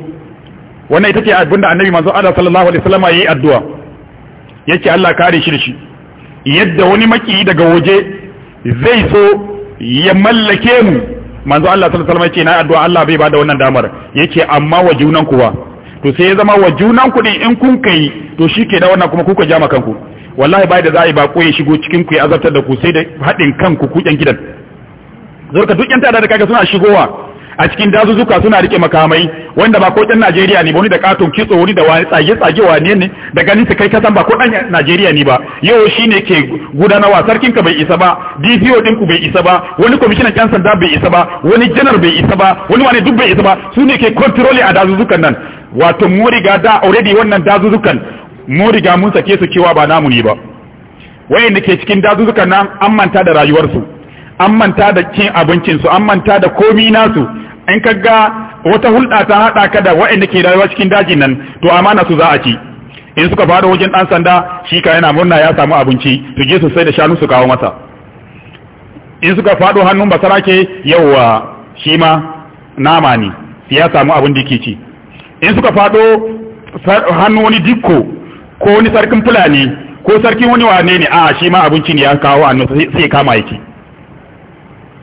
wannan ita ce abinda annabi manzo Allah sallallahu alaihi wasallam yayi addu'a yace Allah kare shi da shi yadda wani maki daga waje zai so ya mallake mu manzo Allah sallallahu alaihi wasallam yace na addu'a Allah bai bada wannan damar yace amma wa junan kuwa to sai ya zama wa junan ku ne in kun kai to shike da wannan kuma kuka jama kanku wallahi bai da za'i ba ko ya shigo cikin ku ya azabtar da ku sai da hadin kanku ku ɗan gidan ka duk yan tada da kaga suna shigowa a cikin dazuzzuka suna rike makamai wanda ba ko dan Najeriya ne ba wani da katon kitso wani da wani tsage tsage wani ne da ganin su kai san ba ko dan Najeriya ne ba yau shine ke gudanarwa sarkin ka bai isa ba DPO din ku bai isa ba wani commissioner kan sanda bai isa ba wani general bai isa ba wani wani duk bai isa ba su ne ke controlling a dazuzzukan nan wato mu riga da already wannan dazuzzukan mu riga mun sake su cewa ba namu ne ba wayanda ke cikin dazuzzukan nan an manta da rayuwarsu an manta da cin abincinsu an manta da komi nasu in kaga ga wata hulɗa ta haɗa ka da waɗanda ke rayuwa cikin dajin nan to amana su za a ci in suka fara wajen ɗan sanda shi ka yana murna ya samu abinci su je su sai da shanu su kawo masa in suka faɗo hannun basara ke yawwa shi ma nama ne ya samu abin da yake ci in suka faɗo hannu wani dikko ko wani sarkin fulani ko sarkin wani wane ne a shi ma abinci ne ya kawo annu sai kama yake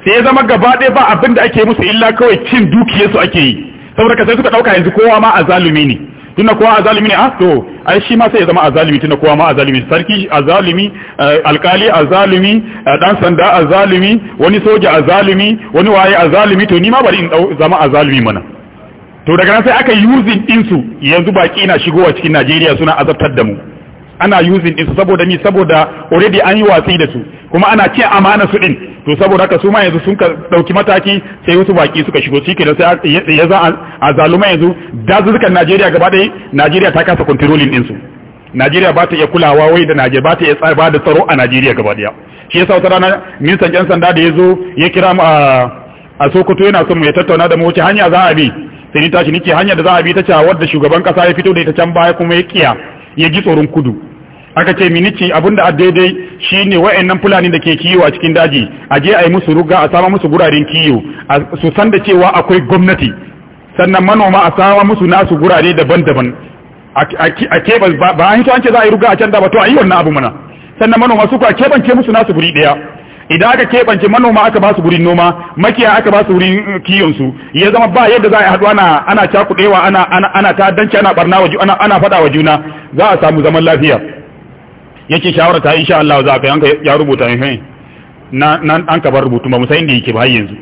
sai ya zama gaba ɗaya ba abin da ake musu illa kawai cin dukiyarsu ake yi saboda ka sai suka ɗauka yanzu kowa ma a zalumi ne tunda kowa a zalumi ne a ah, to ai shi ma sai ya zama a zalumi tunda kowa ma a zalumi sarki a zalumi eh, alkali a zalumi dan eh, sanda a zalumi wani soja a zalumi wani waye a zalumi to ni ma bari in zama a zalumi mana to daga nan sai aka yi din ɗinsu yanzu baƙi na shigowa cikin Najeriya suna azabtar da mu ana using din su saboda ni saboda already an yi watsi da su kuma ana ce amana su din to saboda haka su ma yanzu sun dauki mataki sai wasu baki suka shigo shi kenan sai ya za a zaluma yanzu dazuzzukan Najeriya gaba ɗaya Najeriya ta kasa controlling din su Najeriya ba ta iya kulawa wai da Najeriya ba ta iya ba da tsaro a Najeriya gaba ɗaya shi yasa wata rana ministan yan sanda da yazo ya kira mu a Sokoto yana son mu ya tattauna da mu wace hanya za a bi sai ni tashi nike hanya da za a bi ta cewa wadda shugaban kasa ya fito da ita can baya kuma ya kiya ya ji tsoron kudu aka ce minici abinda a daidai shine wa'annan fulani da ke kiwo a cikin daji a je a yi musu ruga a sama musu guraren kiwo su san da cewa akwai gwamnati sannan manoma a sama musu nasu gurare daban-daban a keɓe ba an hito an ce za a yi ruga a can da ba to a yi wannan abu mana sannan manoma su ka keɓance musu nasu guri ɗaya idan aka keɓance manoma aka ba su wurin noma makiya aka ba su wurin uh, kiyon su ya zama ba yadda za a haɗu ana ana cakuɗewa ana ana ana ta'addanci ana barna wa ana ana faɗa wa juna za a samu zaman lafiya yake shawara ta insha Allah za ka yanka ya rubuta ne eh, eh, na nan an ka bar rubutu ba musayin da yake ba yanzu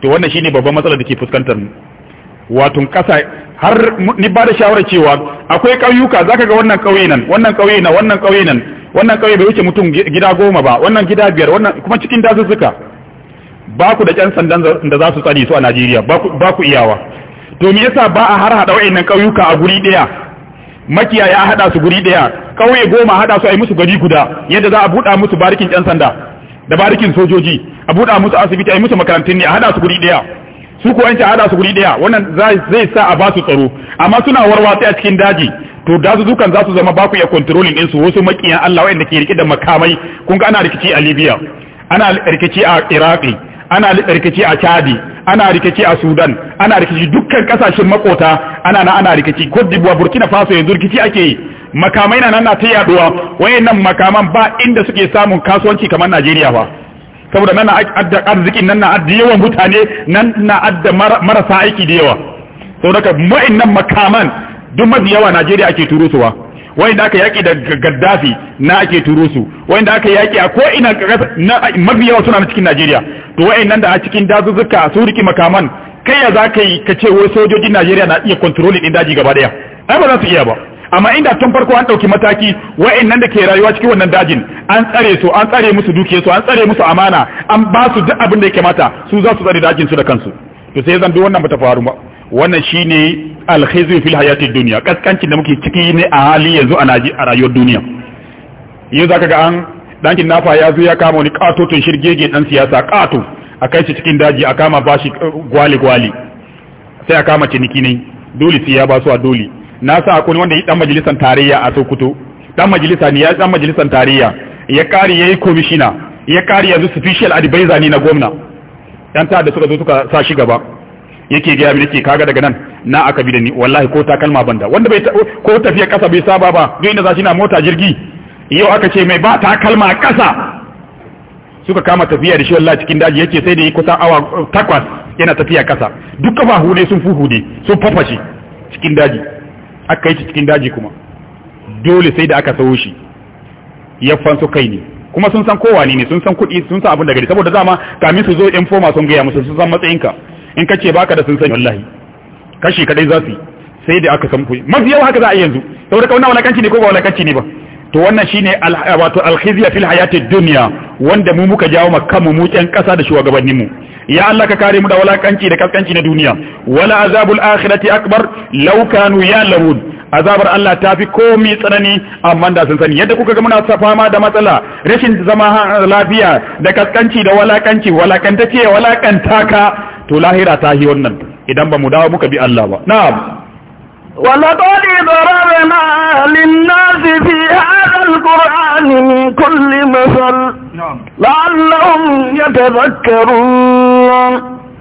to wannan shine babban matsalar da ke fuskantar mu wato kasa har ni ba da shawara cewa akwai ƙauyuka zaka ga wannan ƙauye nan wannan ƙauye nan wannan ƙauye nan wannan kawai bai wuce mutum gida goma ba wannan gida biyar wannan kuma cikin dazuzzuka ba ku da ƴan sandan da za su tsari su a Najeriya ba ku iyawa to me yasa ba a har hada wayannan kauyuka a guri daya makiya ya hada su guri daya kauye goma hada su a yi musu gari guda yadda za a buɗa musu barikin ƴan sanda da barikin sojoji a buɗa musu asibiti a yi musu makarantun ne a hada su guri daya su yanci a hada su guri daya wannan zai sa a ba su tsaro amma suna warwatsi a cikin daji to da su dukan za su zama ba ku iya controlling su wasu makiyan Allah wa'anda ke rike da makamai kun ga ana rikici a Libya ana rikici a Iraki ana rikici a Chadi ana rikici a Sudan ana rikici dukkan kasashen makota ana na ana rikici Cote d'Ivoire Burkina Faso yanzu rikici ake yi makamai na nan na ta yaduwa wayannan makaman ba inda suke samun kasuwanci kamar Najeriya ba saboda nan na adda arzikin nan na adda yawan mutane nan na adda marasa aiki da yawa saboda ka nan makaman duk mafi yawa Najeriya ake turo su ba da aka yaki da Gaddafi na ake turo su da aka yaki a ko ina na mafi yawa suna cikin Najeriya to nan da a cikin dazuzzuka su riki makaman kai ya zaka ka yi ka ce wai sojojin Najeriya na iya control din daji gaba daya ai ba za su iya ba amma inda tun farko an dauki mataki nan da ke rayuwa cikin wannan dajin an tsare su an tsare musu dukiya su an tsare musu amana an ba su duk abin da ya kamata su za su tsare dajin su da kansu to sai zan duk wannan ta faru ba wannan shine alkhizyu fil hayati dunya kaskancin da muke ciki ne a hali yanzu a naji a rayuwar duniya yau zaka ga an dankin nafa ya zo ya kama wani katotun shirgege dan siyasa kato a kai shi cikin daji a kama bashi uh, gwali gwali sai a kama ciniki ne dole sai ya basu a dole na sa akwai wanda ya dan majalisar tarayya a Sokoto dan majalisa ne ya dan majalisar tarayya ya kare yayi commissioner ya kare yanzu special advisor ne na gwamna yan ta da suka zo suka sa shi gaba yake gaya abin ke kaga daga nan na aka bi da ni wallahi ko takalma banda wanda bai ko tafiya kasa bai saba ba duk inda zashi na mota jirgi yau aka ce mai ba takalma kasa suka kama tafiya da shi wallahi cikin daji yake sai da kusan awa takwas yana tafiya kasa duk ba hude sun fuhude sun fafashe cikin daji aka yi cikin daji kuma dole sai da aka sawo shi ya fansu kai ne kuma sun san kowa ne sun san kuɗi sun san abin da gari saboda zama kamin su zo yan foma sun gaya musu sun san matsayinka in kace baka da sun sani wallahi kashi kadai za su sai da aka san mafi yawa haka za a yanzu saboda kauna walakanci ne ko ba walakanci ne ba to wannan shine wato alkhizya fil hayati dunya wanda mu muka jawo maka mu kyan kasa da shugabannin mu ya Allah ka kare mu da walakanci da kaskanci na duniya wala azabul akhirati akbar law kanu ya'lamun azabar Allah ta fi komi tsanani amma da sun sani yadda kuka ga muna fama da matsala rashin zama lafiya da kaskanci da walakanci walakantake walakanta ka to lahira ta hi wannan idan ba mu dawo muka bi Allah ba na'am ولقد ضربنا للناس في هذا القرآن من كل مثل لعلهم يتذكرون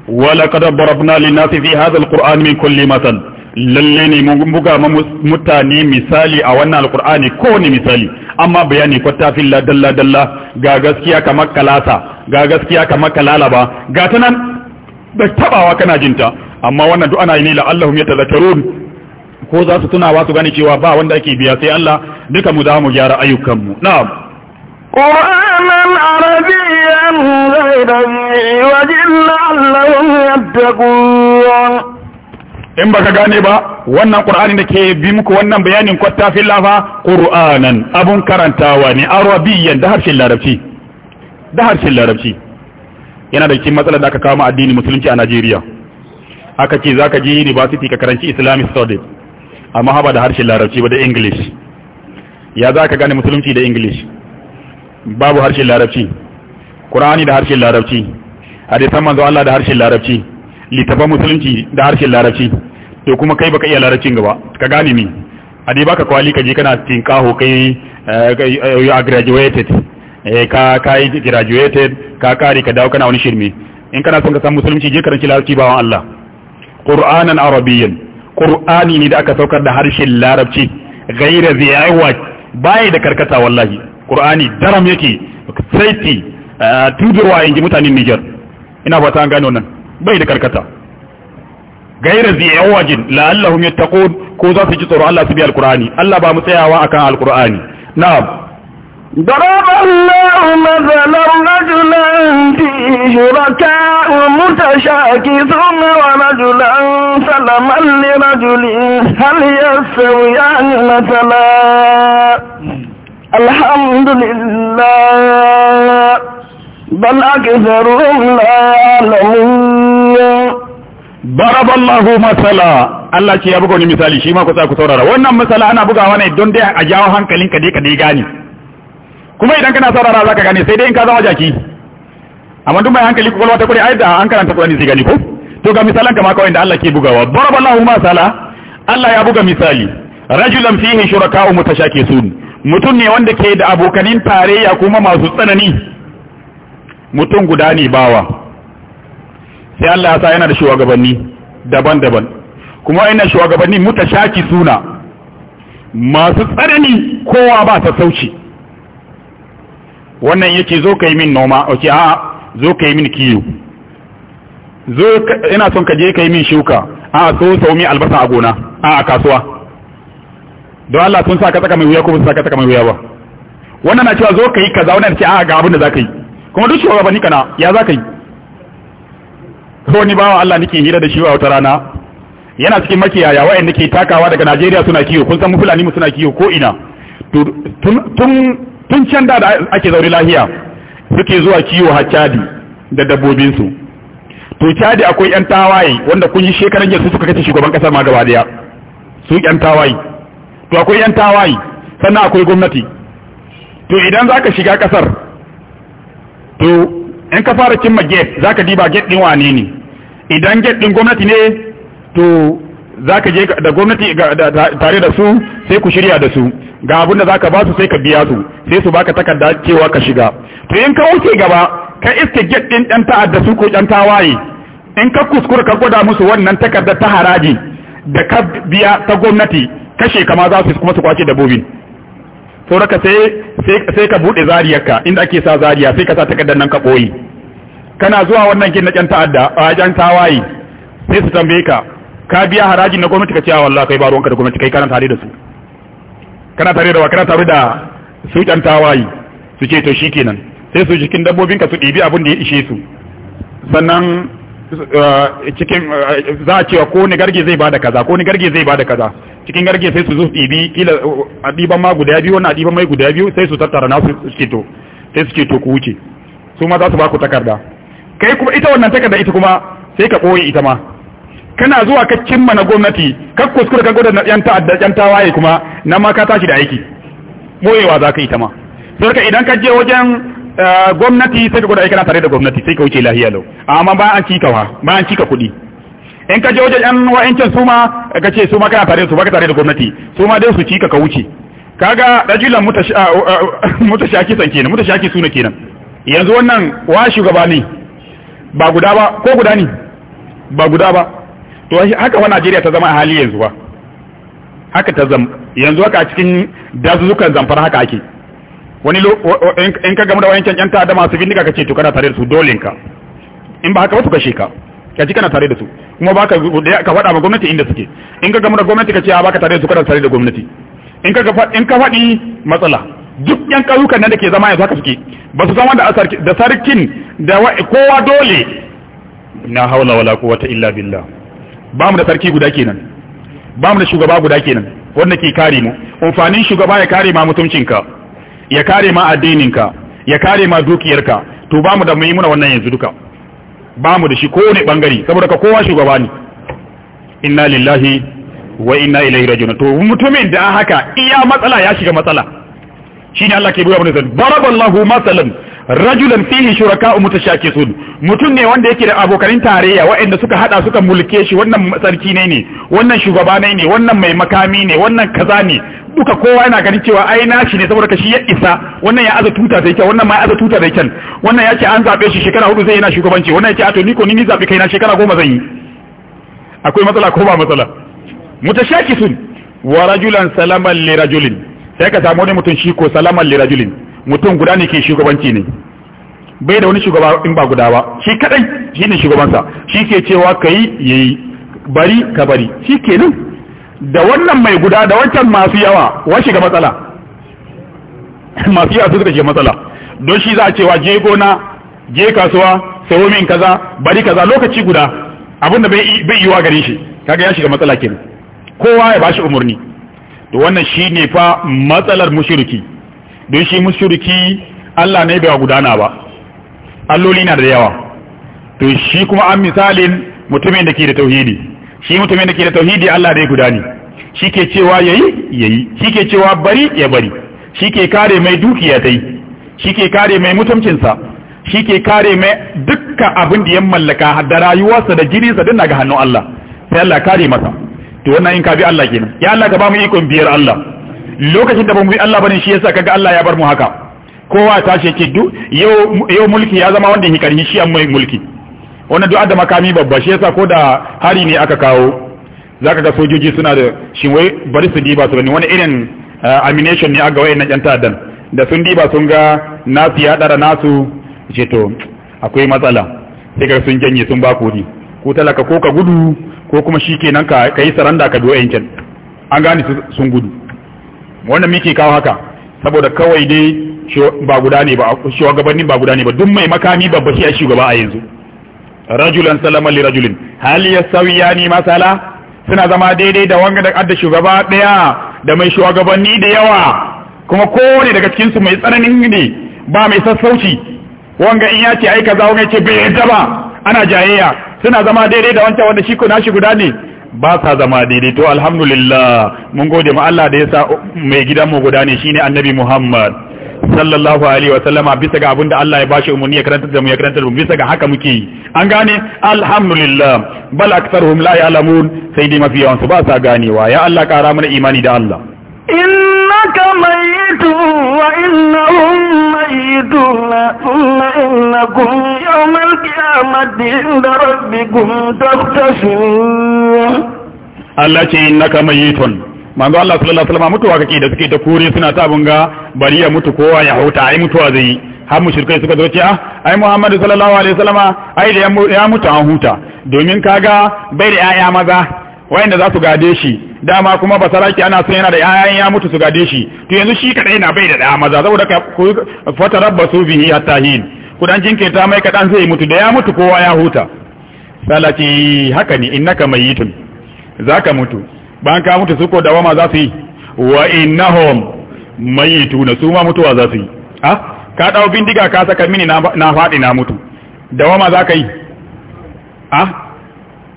ولقد ضربنا للناس في هذا القرآن من كل مثل lalle ne mun buga mutane misali a wannan alkur'ani kowane misali amma bayani kwata filla dalla dalla ga gaskiya kamar kalasa ga gaskiya kamar kalalaba ga ta nan da tabawa kana jinta amma wannan duk ana yi ne Allahum yatazakkarun ko za su wa su gane cewa ba wanda ake biya sai Allah duka mu za mu gyara ayyukanmu na'am qur'anan غير ذي وجل la'allahum يتقون in baka gane ba wannan qur'ani da ke bi muku wannan bayanin kwatta fil lafa qur'anan abun karantawa ne arabiyyan da harshen larabci da harshen larabci yana da cikin matsalar da aka kawo addini musulunci a Najeriya aka ce zaka je university ka karanci Islamic studies amma haba da harshen larabci ba da English ya zaka gane musulunci da English babu harshen larabci Qur'ani da harshen larabci hadisan manzo Allah da harshen larabci littafan musulunci da harshen larabci to kuma kai baka iya larabcin gaba ka gane ni a dai baka kwali ka je kana kaho kai eh, eh, you are graduated eh, ka kai graduated ka kare ka dawo kana wani shirme in kana son ka san musulunci je karanci larabci bawan Allah qur'anan arabiyyan qur'ani ne da aka saukar da harshen larabci ghaira zaiwa baya da karkata wallahi qur'ani daram yake saiti tudurwa yanzu mutanen Niger ina fata an gano nan bai da karkata gaira zai yawajin la'allahum yattaqun ko za su ji tsoro Allah su bi alqur'ani Allah ba mu tsayawa akan alkurani na'am ضرب الله مثلا رجلا فيه شركاء متشاكسون ورجلا سلما لرجل هل يستويان مثلا الحمد لله بل أكثرهم لا يعلمون ضرب الله مثلا Allah ce ya buga wani misali shi ma ku ku saurara wannan misala ana bugawa ne don dai a jawo hankalin ka dai ka dai gane kuma idan kana saurara za ka gane sai dai in ka zama jaki amma duk mai hankali kwalwa ta kure a da an karanta Qur'ani sai gani ko to ga misalan kama kawai da Allah ke bugawa baraballahu masala Allah ya buga misali rajulan fihi shuraka'u mutashakisun mutum ne wanda ke da abokanin tarayya kuma masu tsanani mutum guda ne bawa sai Allah ya sa yana da shugabanni daban-daban kuma ina shugabanni shaki suna masu tsanani kowa ba ta sauci wannan yake zo kai min noma oke a zo kai min kiyo zo ina son ka je kai min shuka a so sau mi albasa a gona a a kasuwa don Allah sun sa ka tsaka mai wuya ko ba su sa ka tsaka mai wuya ba wannan na cewa zo kai kaza wannan ce a ga abin da za ka yi kuma duk shugaba ni kana ya za ka yi wani bawa Allah nake hira da shi a wata rana yana cikin makiyaya wayan nake takawa daga Najeriya suna kiyo kun san mu Fulani mu suna kiyo ko ina tun tun can da ake zauri lahiya suke zuwa kiyo Chad da dabbobin su to Chad akwai yan tawaye wanda kun yi shekaran jiya suka kace shugaban kasar ma gaba daya su yan tawaye to akwai yan tawaye sannan akwai gwamnati to idan zaka shiga kasar to in ka fara cimma gate za ka diba gate ɗin wane ne idan gate ɗin gwamnati ne to za ka je da gwamnati tare da su sai ku shirya da su ga abin da za ka ba su sai ka biya su sai su baka takarda cewa ka shiga to in ka wuce gaba ka iske gate ɗin ɗan ta'adda su ko ɗan tawaye in ka kuskura ka gwada musu wannan takarda ta haraji da ka biya ta gwamnati kashe kama za su kuma su kwace dabbobi. sauraka sai ka bude zariyarka inda ake sa zariya sai ka sa takardar nan ka ɓoye kana zuwa wannan kin na ƴan adda a ƴan tawaye sai su tambaye ka ka biya haraji na gwamnati ka ce wallahi kai ba ruwanka da gwamnati kai kana tare da su kana tare da wa kana tare da su ƴan tawaye su ce to shikenan sai su cikin dabbobin ka su ɗibi abin da ya ishe su sannan Eh, cikin eh, za a cewa ko ni garge zai bada kaza ko ni garge zai bada kaza cikin garge sai su zo ɗibi kila a ɗiban ma guda biyu na a ɗiban mai guda biyu sai su tattara na su ce to sai su ce to ku wuce su ma za su ba ku takarda kai kuma ita wannan takarda ita kuma sai ka ɓoye ita ma kana zuwa ka cimma na gwamnati ka kuskure ka gwada yan ta'adda yan tawaye kuma nan ma ka tashi da aiki ɓoyewa za ka ita ma sai ka idan ka je wajen Eh, gwamnati sai ka gwada aikana tare da gwamnati sai ka wuce lahiya lau amma ba an cika wa ba an cika kuɗi in ka je wajen yan wa'ancan su ma ka ce su ma kana tare da su ba ka tare da gwamnati su ma dai su cika ka wuce kaga dajilan mutashaki eh, eh, san kenan mutashaki suna kenan yanzu wannan wa shugaba ne ba guda ba ko guda ne ba guda ba to haka wa Najeriya ta zama a hali yanzu ba haka ta zama yanzu haka a cikin dazuzzukan zamfara haka ake wani in ka gamu da wayancan yan ta'adda masu gindi ka ce to kana tare da su dole ka in ba haka ba su kashe ka ka ji kana tare da su kuma ba ka faɗa ma gwamnati inda suke in ka gamu da gwamnati ka ce a baka tare da su kana tare da gwamnati in ka in ka faɗi matsala duk yan ƙauyukan nan da ke zama yanzu haka suke ba su zama da da sarkin da kowa dole na haula wala quwwata illa billah ba mu da sarki guda kenan ba mu da shugaba guda kenan wanda ke kare mu amfanin shugaba ya kare ma mutuncinka ya kare ma addininka ya kare ma dukiyarka to ba mu da mu yi muna wannan yanzu duka ba mu da shi kowane bangare saboda ka kowa shugaba ne inna lillahi wa inna ilaihi rajiun to mutumin da haka iya matsala ya shiga matsala shine Allah ke buya mana zan baraballahu masalan rajulan fihi shuraka mutashakisun mutum ne wanda yake da abokan tarayya waɗanda suka hada suka mulke shi wannan sarki ne ne wannan shugaba ne ne wannan mai makami ne wannan kaza ne duka kowa yana ganin cewa ai shi ne saboda kashi ya isa wannan ya aza tuta da kyan wannan ma ya aza tuta da kyan wannan ya ce an zabe shi shekara hudu zai yana shugabanci wannan ya ce a to ni ko ni ni kai kaina shekara goma zan yi akwai matsala ko ba matsala mutashakisun wa rajulan salaman li rajulin sai ka samu wani mutum shi ko salaman li rajulin mutum guda ne ke shugabanci ne bai da wani shugaba in ba guda ba shi kadai shi ne shugabansa shi ke cewa ka yi ya yi bari ka bari shi kenan da wannan mai guda da wancan masu yawa wa shiga matsala masu yawa suka shiga matsala don shi za a cewa je gona je kasuwa sayo min kaza bari kaza lokaci guda abinda bai yiwa gare shi kaga ya shiga matsala kenan kowa ya bashi umarni to wannan shine fa matsalar mushriki don shi mushriki Allah ne bai gudana ba alloli na da yawa to shi kuma an misalin mutumin da ke da tauhidi shi mutumin da ke da tauhidi Allah ne gudani shi ke cewa yayi yayi shi ke cewa bari ya bari shi ke kare mai dukiya tai shi ke kare mai mutuncinsa shi ke kare mai dukkan abin da ya mallaka da rayuwarsa da jininsa dinna ga hannun Allah sai Allah kare masa to wannan in ka bi Allah kenan ya Allah ka ba mu ikon biyar Allah lokacin da ba mu bi Allah bane shi yasa kaga Allah ya bar mu haka kowa ta ce ki du yau mulki ya zama wanda hikari shi an mai mulki wannan du'a da makami babba shi yasa ko da hari ne aka kawo zaka ga sojoji suna da shi wai bari su diba su bane wani irin eh, amination ne aga wayannan yan ta'addan da sun diba sun ga nasu ya dara nasu ce to akwai matsala sai ga sun janye sun ba ku ko talaka ko ka gudu ko kuma shi kenan ka yi saranda ka biyo yankin an gane sun gudu wannan muke kawo haka saboda kawai dai ba guda ne ba shugabannin ba guda ne ba duk mai makami babba shi a shugaba a yanzu rajulan salama li rajulin hal yasawiyani masala suna zama daidai da wanga da adda shugaba daya da mai shugabanni da yawa kuma kowane daga cikin su mai tsananin ne ba mai sassauci wanga in yace ai kaza wanga yace bai yadda ba ana jayayya suna zama daidai da wancan wanda shi ko nashi guda ne ba sa zama daidai to alhamdulillah mun gode ma Allah da ya sa mai gidan mu guda ne shine annabi Muhammad sallallahu alaihi wa sallama bisa ga abinda Allah ya bashi umarni ya karanta da mu ya karanta da mu bisa ga haka muke an gane alhamdulillah bal aktharuhum la ya'lamun sai dai mafi yawan su ba sa ganewa ya Allah kara mana imani da Allah innaka mayitun wa innahum mayitun thumma innakum yawmal qiyamati inda rabbikum takhtashimun Allah ce innaka mayitun manzo Allah sallallahu alaihi wasallam mutuwa kake da suke ta kore suna ta bunga bari ya mutu kowa ya hauta ai mutuwa zai yi har mushrikai suka zo ce ah, ai Muhammadu sallallahu alaihi wasallam ai da ya mutu an huta domin kaga bai da yaya maza wayanda za su gade shi dama kuma saraki ana son yana da yayan ya mutu su gade shi to yanzu shi kadai na bai da ɗaya maza saboda ka fatarabbasu bihi hatta hin kudan jinkirta mai kadan zai mutu da ya mutu kowa ya huta salati haka ne innaka mayitun Za ka mutu ban ka mutu su ko dawama za su yi wa innahum mayituna su ma mutuwa za su yi ah ka dau bindiga ka saka mini na faɗi na mutu dawama za ka yi ah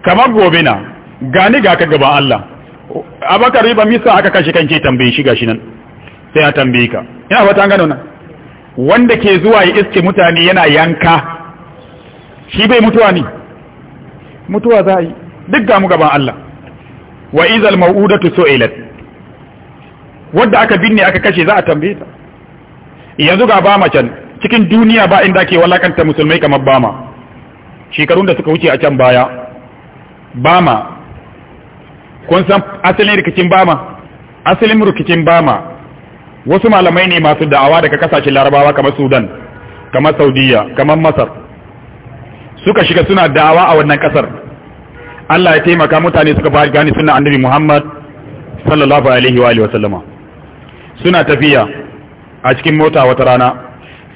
kamar gobe na gani ga ka gaban Allah abakar riba misa aka kashi kan ce tambaye shi gashi nan sai a tambaye ka ina fata an gano nan wanda ke zuwa ya iske mutane yana yanka shi bai mutuwa ne mutuwa za a yi duk gamu gaban Allah wa izal mau'udatu su'ilat wadda aka binne aka kashe za a tambaye ta yanzu ga bama can cikin duniya ba inda ake walakanta musulmai kamar bama shekarun da suka wuce a can baya bama kun san asalin rikicin bama asalin rikicin bama wasu malamai ne masu da'awa daga kasashen larabawa kamar sudan kamar saudiya kamar masar suka shiga suna da'awa a wannan kasar Allah ya taimaka mutane suka fara gane suna annabi Muhammad sallallahu alaihi wa alihi wa sallama suna tafiya a cikin mota wata rana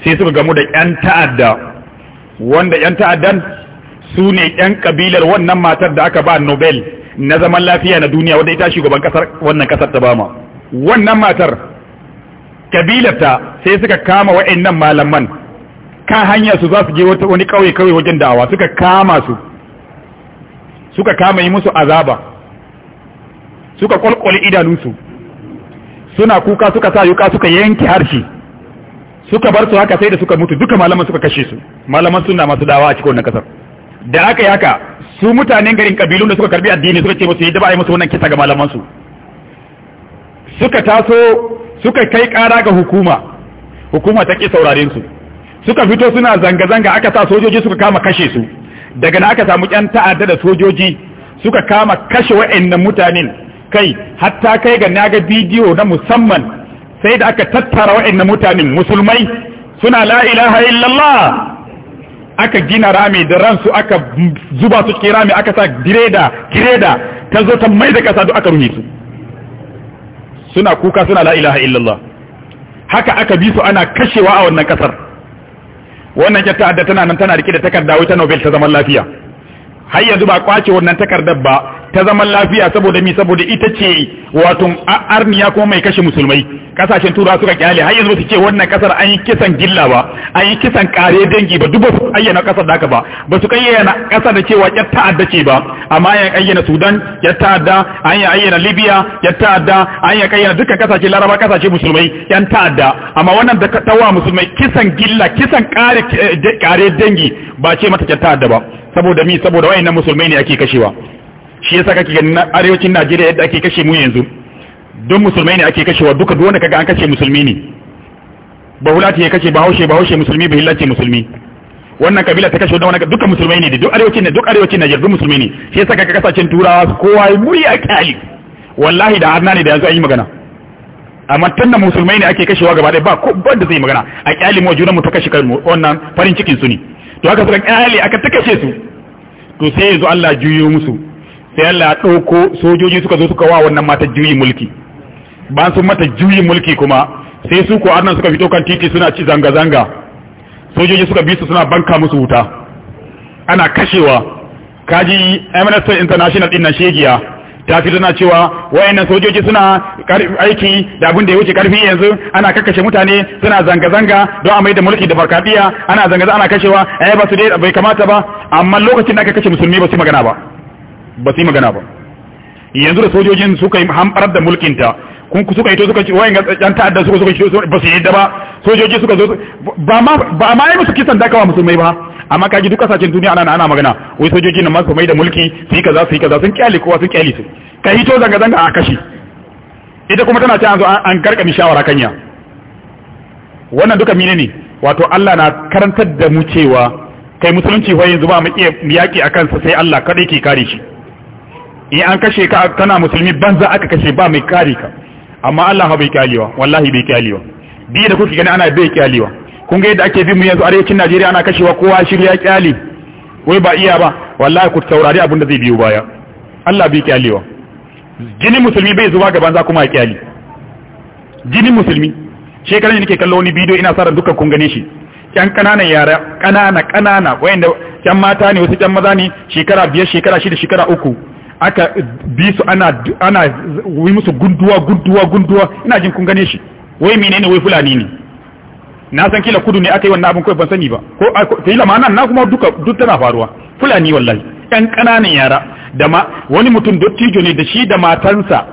sai suka gamu da yan ta'adda wanda yan ta'addan su ne yan kabilar wannan matar da aka ba Nobel na zaman lafiya na duniya wanda ita shugaban kasar wannan kasar ta bama wannan matar kabilarta sai suka kama wa'annan malaman kan hanya su za su je wani kauye kauye wajen da'awa suka kama su suka kama yi musu azaba suka kwalkwali idanunsu suna kuka suka sa yuka suka yanke harshe suka bar su haka sai da suka mutu duka malaman suka kashe su malaman suna masu dawa a cikin wannan kasar da aka yi haka su mutanen garin kabilun da suka karbi addini suka ce musu yi daba ba a yi musu wannan kisa ga malaman su suka taso suka kai kara ga hukuma hukuma ta ki sauraren su suka fito suna zanga-zanga aka sa sojoji suka kama kashe su daga na aka samu yan ta'adda da sojoji suka kama kashe wa'annan mutanen kai hatta kai ga naga bidiyo na musamman sai da aka tattara wa'annan mutanen musulmai suna la ilaha illallah aka gina rami da ransu aka zuba su cikin rami aka sa direda direda ta zo ta mai da kasa duk aka rufe su suna kuka suna la ilaha illallah haka aka bi su ana kashewa a wannan kasar wannan ya ta'adda tana nan tana rike da takarda wai ta Nobel ta zaman lafiya har yanzu ba kwace wannan takardar ba ta zaman lafiya saboda mi saboda ita ce wato arniya ko mai kashe musulmai kasashen turawa suka kyale har yanzu su ce wannan kasar an yi kisan gilla ba an yi kisan kare dangi ba duk ba su ayyana kasar da haka ba ba su ayyana kasar da cewa yar ta'adda ce ba amma an ayyana Sudan yar ta'adda an ayyana Libya yar ta'adda an ayyana duka kasashe Laraba kasashe musulmai yan ta'adda amma wannan da tawa musulmai kisan gilla kisan kare eh, kare dangi ba ce mata ta'adda ba saboda mi saboda wayannan musulmai ne ake kashewa shi yasa kake ganin arewacin Najeriya yadda ake kashe mu yanzu duk musulmai ne ake kashewa duka duk wanda kaga an kashe musulmi ne bahulati ya kashe bahaushe bahaushe musulmi bahillaci musulmi wannan kabila ta kashe wannan wanda duka musulmai ne duk arewacin ne duk arewacin Najeriya duk musulmi ne shi yasa kaga kasashen turawa kowa ya muri a kali wallahi da har ne da yanzu an yi magana amma tunda musulmai ne ake kashewa gaba ɗaya ba ko da zai magana a kyali mu juna mu ta kashe kanmu wannan farin cikin su ne to haka suka kyale aka ta kashe su to sai yanzu Allah juyo musu sai Allah ya ɗauko sojoji suka zo suka wa wannan mata juyin mulki bayan sun mata juyin mulki kuma sai su ko annan suka fito kan titi suna ci zanga-zanga sojoji suka bi su suna banka musu wuta ana kashewa kaji Amnesty International din nan shegiya ta fi na cewa wayannan sojoji suna aiki da abin da ya wuce karfi yanzu ana kakkashe mutane suna zanga-zanga don a da mulki da farkadiya ana zanga-zanga ana kashewa eh ba su dai bai kamata ba amma lokacin da aka kashe musulmi ba su magana ba ba su yi magana ba yanzu da sojojin suka yi hamɓarar da mulkinta kun suka yi ito suka ci wayan ga yan ta'adda suka suka ce ba su yi ba sojoji suka zo ba ma ba ma yi musu kisan dakawa musulmai ba amma ji duk kasashen duniya ana ana magana wai sojoji na masu mai da mulki su yi kaza su yi kaza sun kyale kowa sun kyale su ka yi hito zanga zanga a kashi ita kuma tana cewa an zo an karkami shawara kanya wannan duka mine ne wato Allah na karantar da mu cewa kai musulunci fa yanzu ba mu iya yaki akan sa sai Allah kadai ke kare shi in an kashe ka kana musulmi banza aka kashe ba mai kare ka amma Allah bai kyaliwa wallahi bai kyaliwa bi da kuke gani ana bai kyaliwa kun ga yadda ake bi mu yanzu arewacin Najeriya ana kashewa kowa shirya kyali wai ba iya ba wallahi ku taurari abin da zai biyo baya Allah bai kyaliwa jinin musulmi bai zuba gaban za kuma ya kyale jinin musulmi shekaran ne nake kallo wani bidiyo ina sa ran dukkan kun gane shi kan kananan yara kanana kanana wayanda yan mata ne wasu yan maza ne shekara biyar shekara shida shekara uku aka bi su ana ana wi musu gunduwa gunduwa gunduwa ina jin kun gane shi wai menene wai fulani ne na san kila kudu ne aka yi wannan abin kawai ban sani ba ko sai la mana na kuma duka duk tana faruwa fulani wallahi ɗan ƙananan yara da ma wani mutum dottijo ne da shi da matansa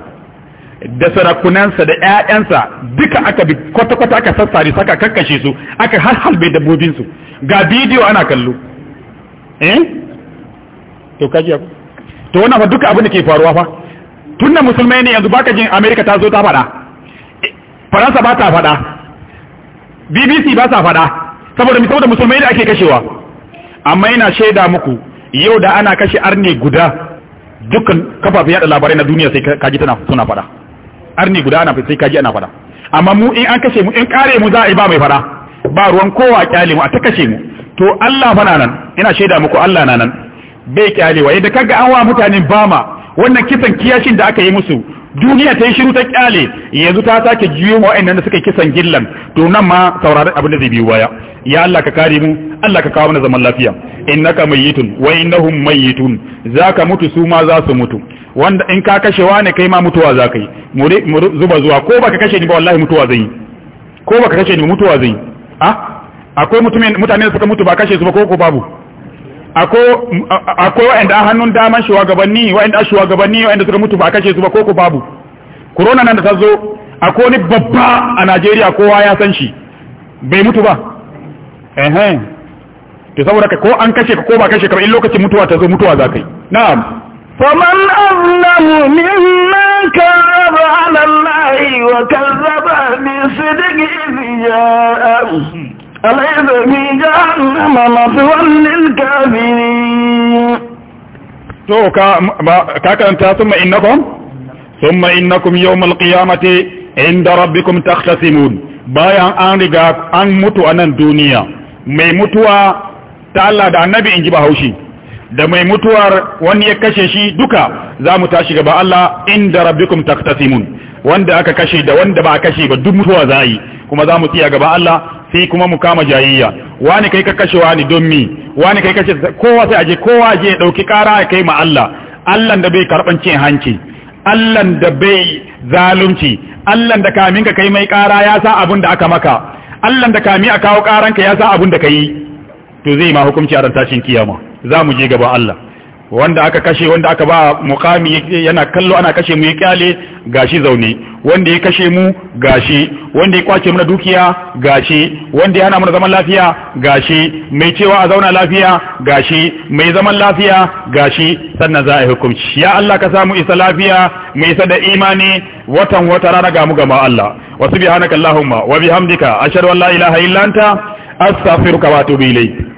da sarakunansa da ƴaƴansa duka aka bi kwata-kwata aka sassare saka kakkashe su aka har halbe su ga bidiyo ana kallo eh to kaji to wannan fa duka abin da ke faruwa fa tunda musulmai ne yanzu baka jin America ta zo ta fada Faransa ba ta fada BBC ba ta fada saboda mi saboda musulmai da ake kashewa amma ina shaida muku yau da ana kashe arne guda dukkan kafafen yada labarai na duniya sai kaji tana suna fada arne guda ana sai kaji ana fada amma mu in an kashe mu in kare mu za a yi ba mai fada ba ruwan kowa kyale mu a ta kashe mu to Allah fa nan ina shaida muku Allah na nan bai kyalewa yadda kaga an wa mutanen bama wannan kisan kiyashin da aka yi musu duniya ta yi shiru ta kyale yanzu ta sake juyo ma wa'annan da suka kisan gillan to nan ma sauraron abin da zai biyo baya ya Allah ka kare mu Allah ka kawo mana zaman lafiya innaka mayyitun wa innahum mayyitun zaka mutu su ma za su mutu wanda in ka kashe wani kai ma mutuwa za ka yi mu zuba zuwa ko baka kashe ni ba wallahi mutuwa zai yi ko baka kashe ni mutuwa zai yi a ah, akwai mutumin mutane da suka mutu ba kashe su ba ko ko babu akwai wa'anda a hannun daman shugabanni wa'anda shugabanni wa'anda suka mutu ba kashe su ba koko babu corona nan da ta zo akwai wani babba a Najeriya kowa ya san shi bai mutu ba ehe to saboda ka ko an kashe ka ko ba kashe ka in lokacin mutuwa ta zo mutuwa za ka yi na'am faman azlamu mimman karaba ala allahi wa kazzaba bi sidqi أليس في جهنم مثوى للكافرين to ka karanta summa innakum summa innakum yawmal qiyamati inda rabbikum takhtasimun bayan an riga an mutu a nan duniya mai mutuwa ta Allah da annabi in ji bahaushi da mai mutuwar wani ya kashe shi duka za mu tashi gaba Allah inda rabbikum takhtasimun wanda aka kashe da wanda ba a kashe ba duk mutuwa za kuma za mu tsaya gaba Allah sai kuma mu kama jayayya wani kai ka kashe wani don mi wani kai kashe kowa sai aje kowa je ya dauki kara ya kai ma Allah Allah da bai karban cin hanci Allah da bai zalunci Allah da kamin ka kai mai kara ya sa abun da aka maka Allah da kami a kawo karanka ya sa abun da kai to zai ma hukunci a ran tashin kiyama za mu je gaba Allah wanda aka kashe wanda aka ba mukami yana kallo ana kashe mu ya kyale gashi zaune wanda ya kashe mu gashi wanda ya kwace mana dukiya gashi wanda ya hana mana zaman lafiya gashi mai cewa a zauna lafiya gashi mai zaman lafiya gashi sannan za a yi hukunci ya Allah ka samu isa lafiya mai isa da imani watan wata rana ga mu gama Allah wasu subhanakallahumma wa bihamdika ashhadu an la ilaha illa anta astaghfiruka wa atubu ilayk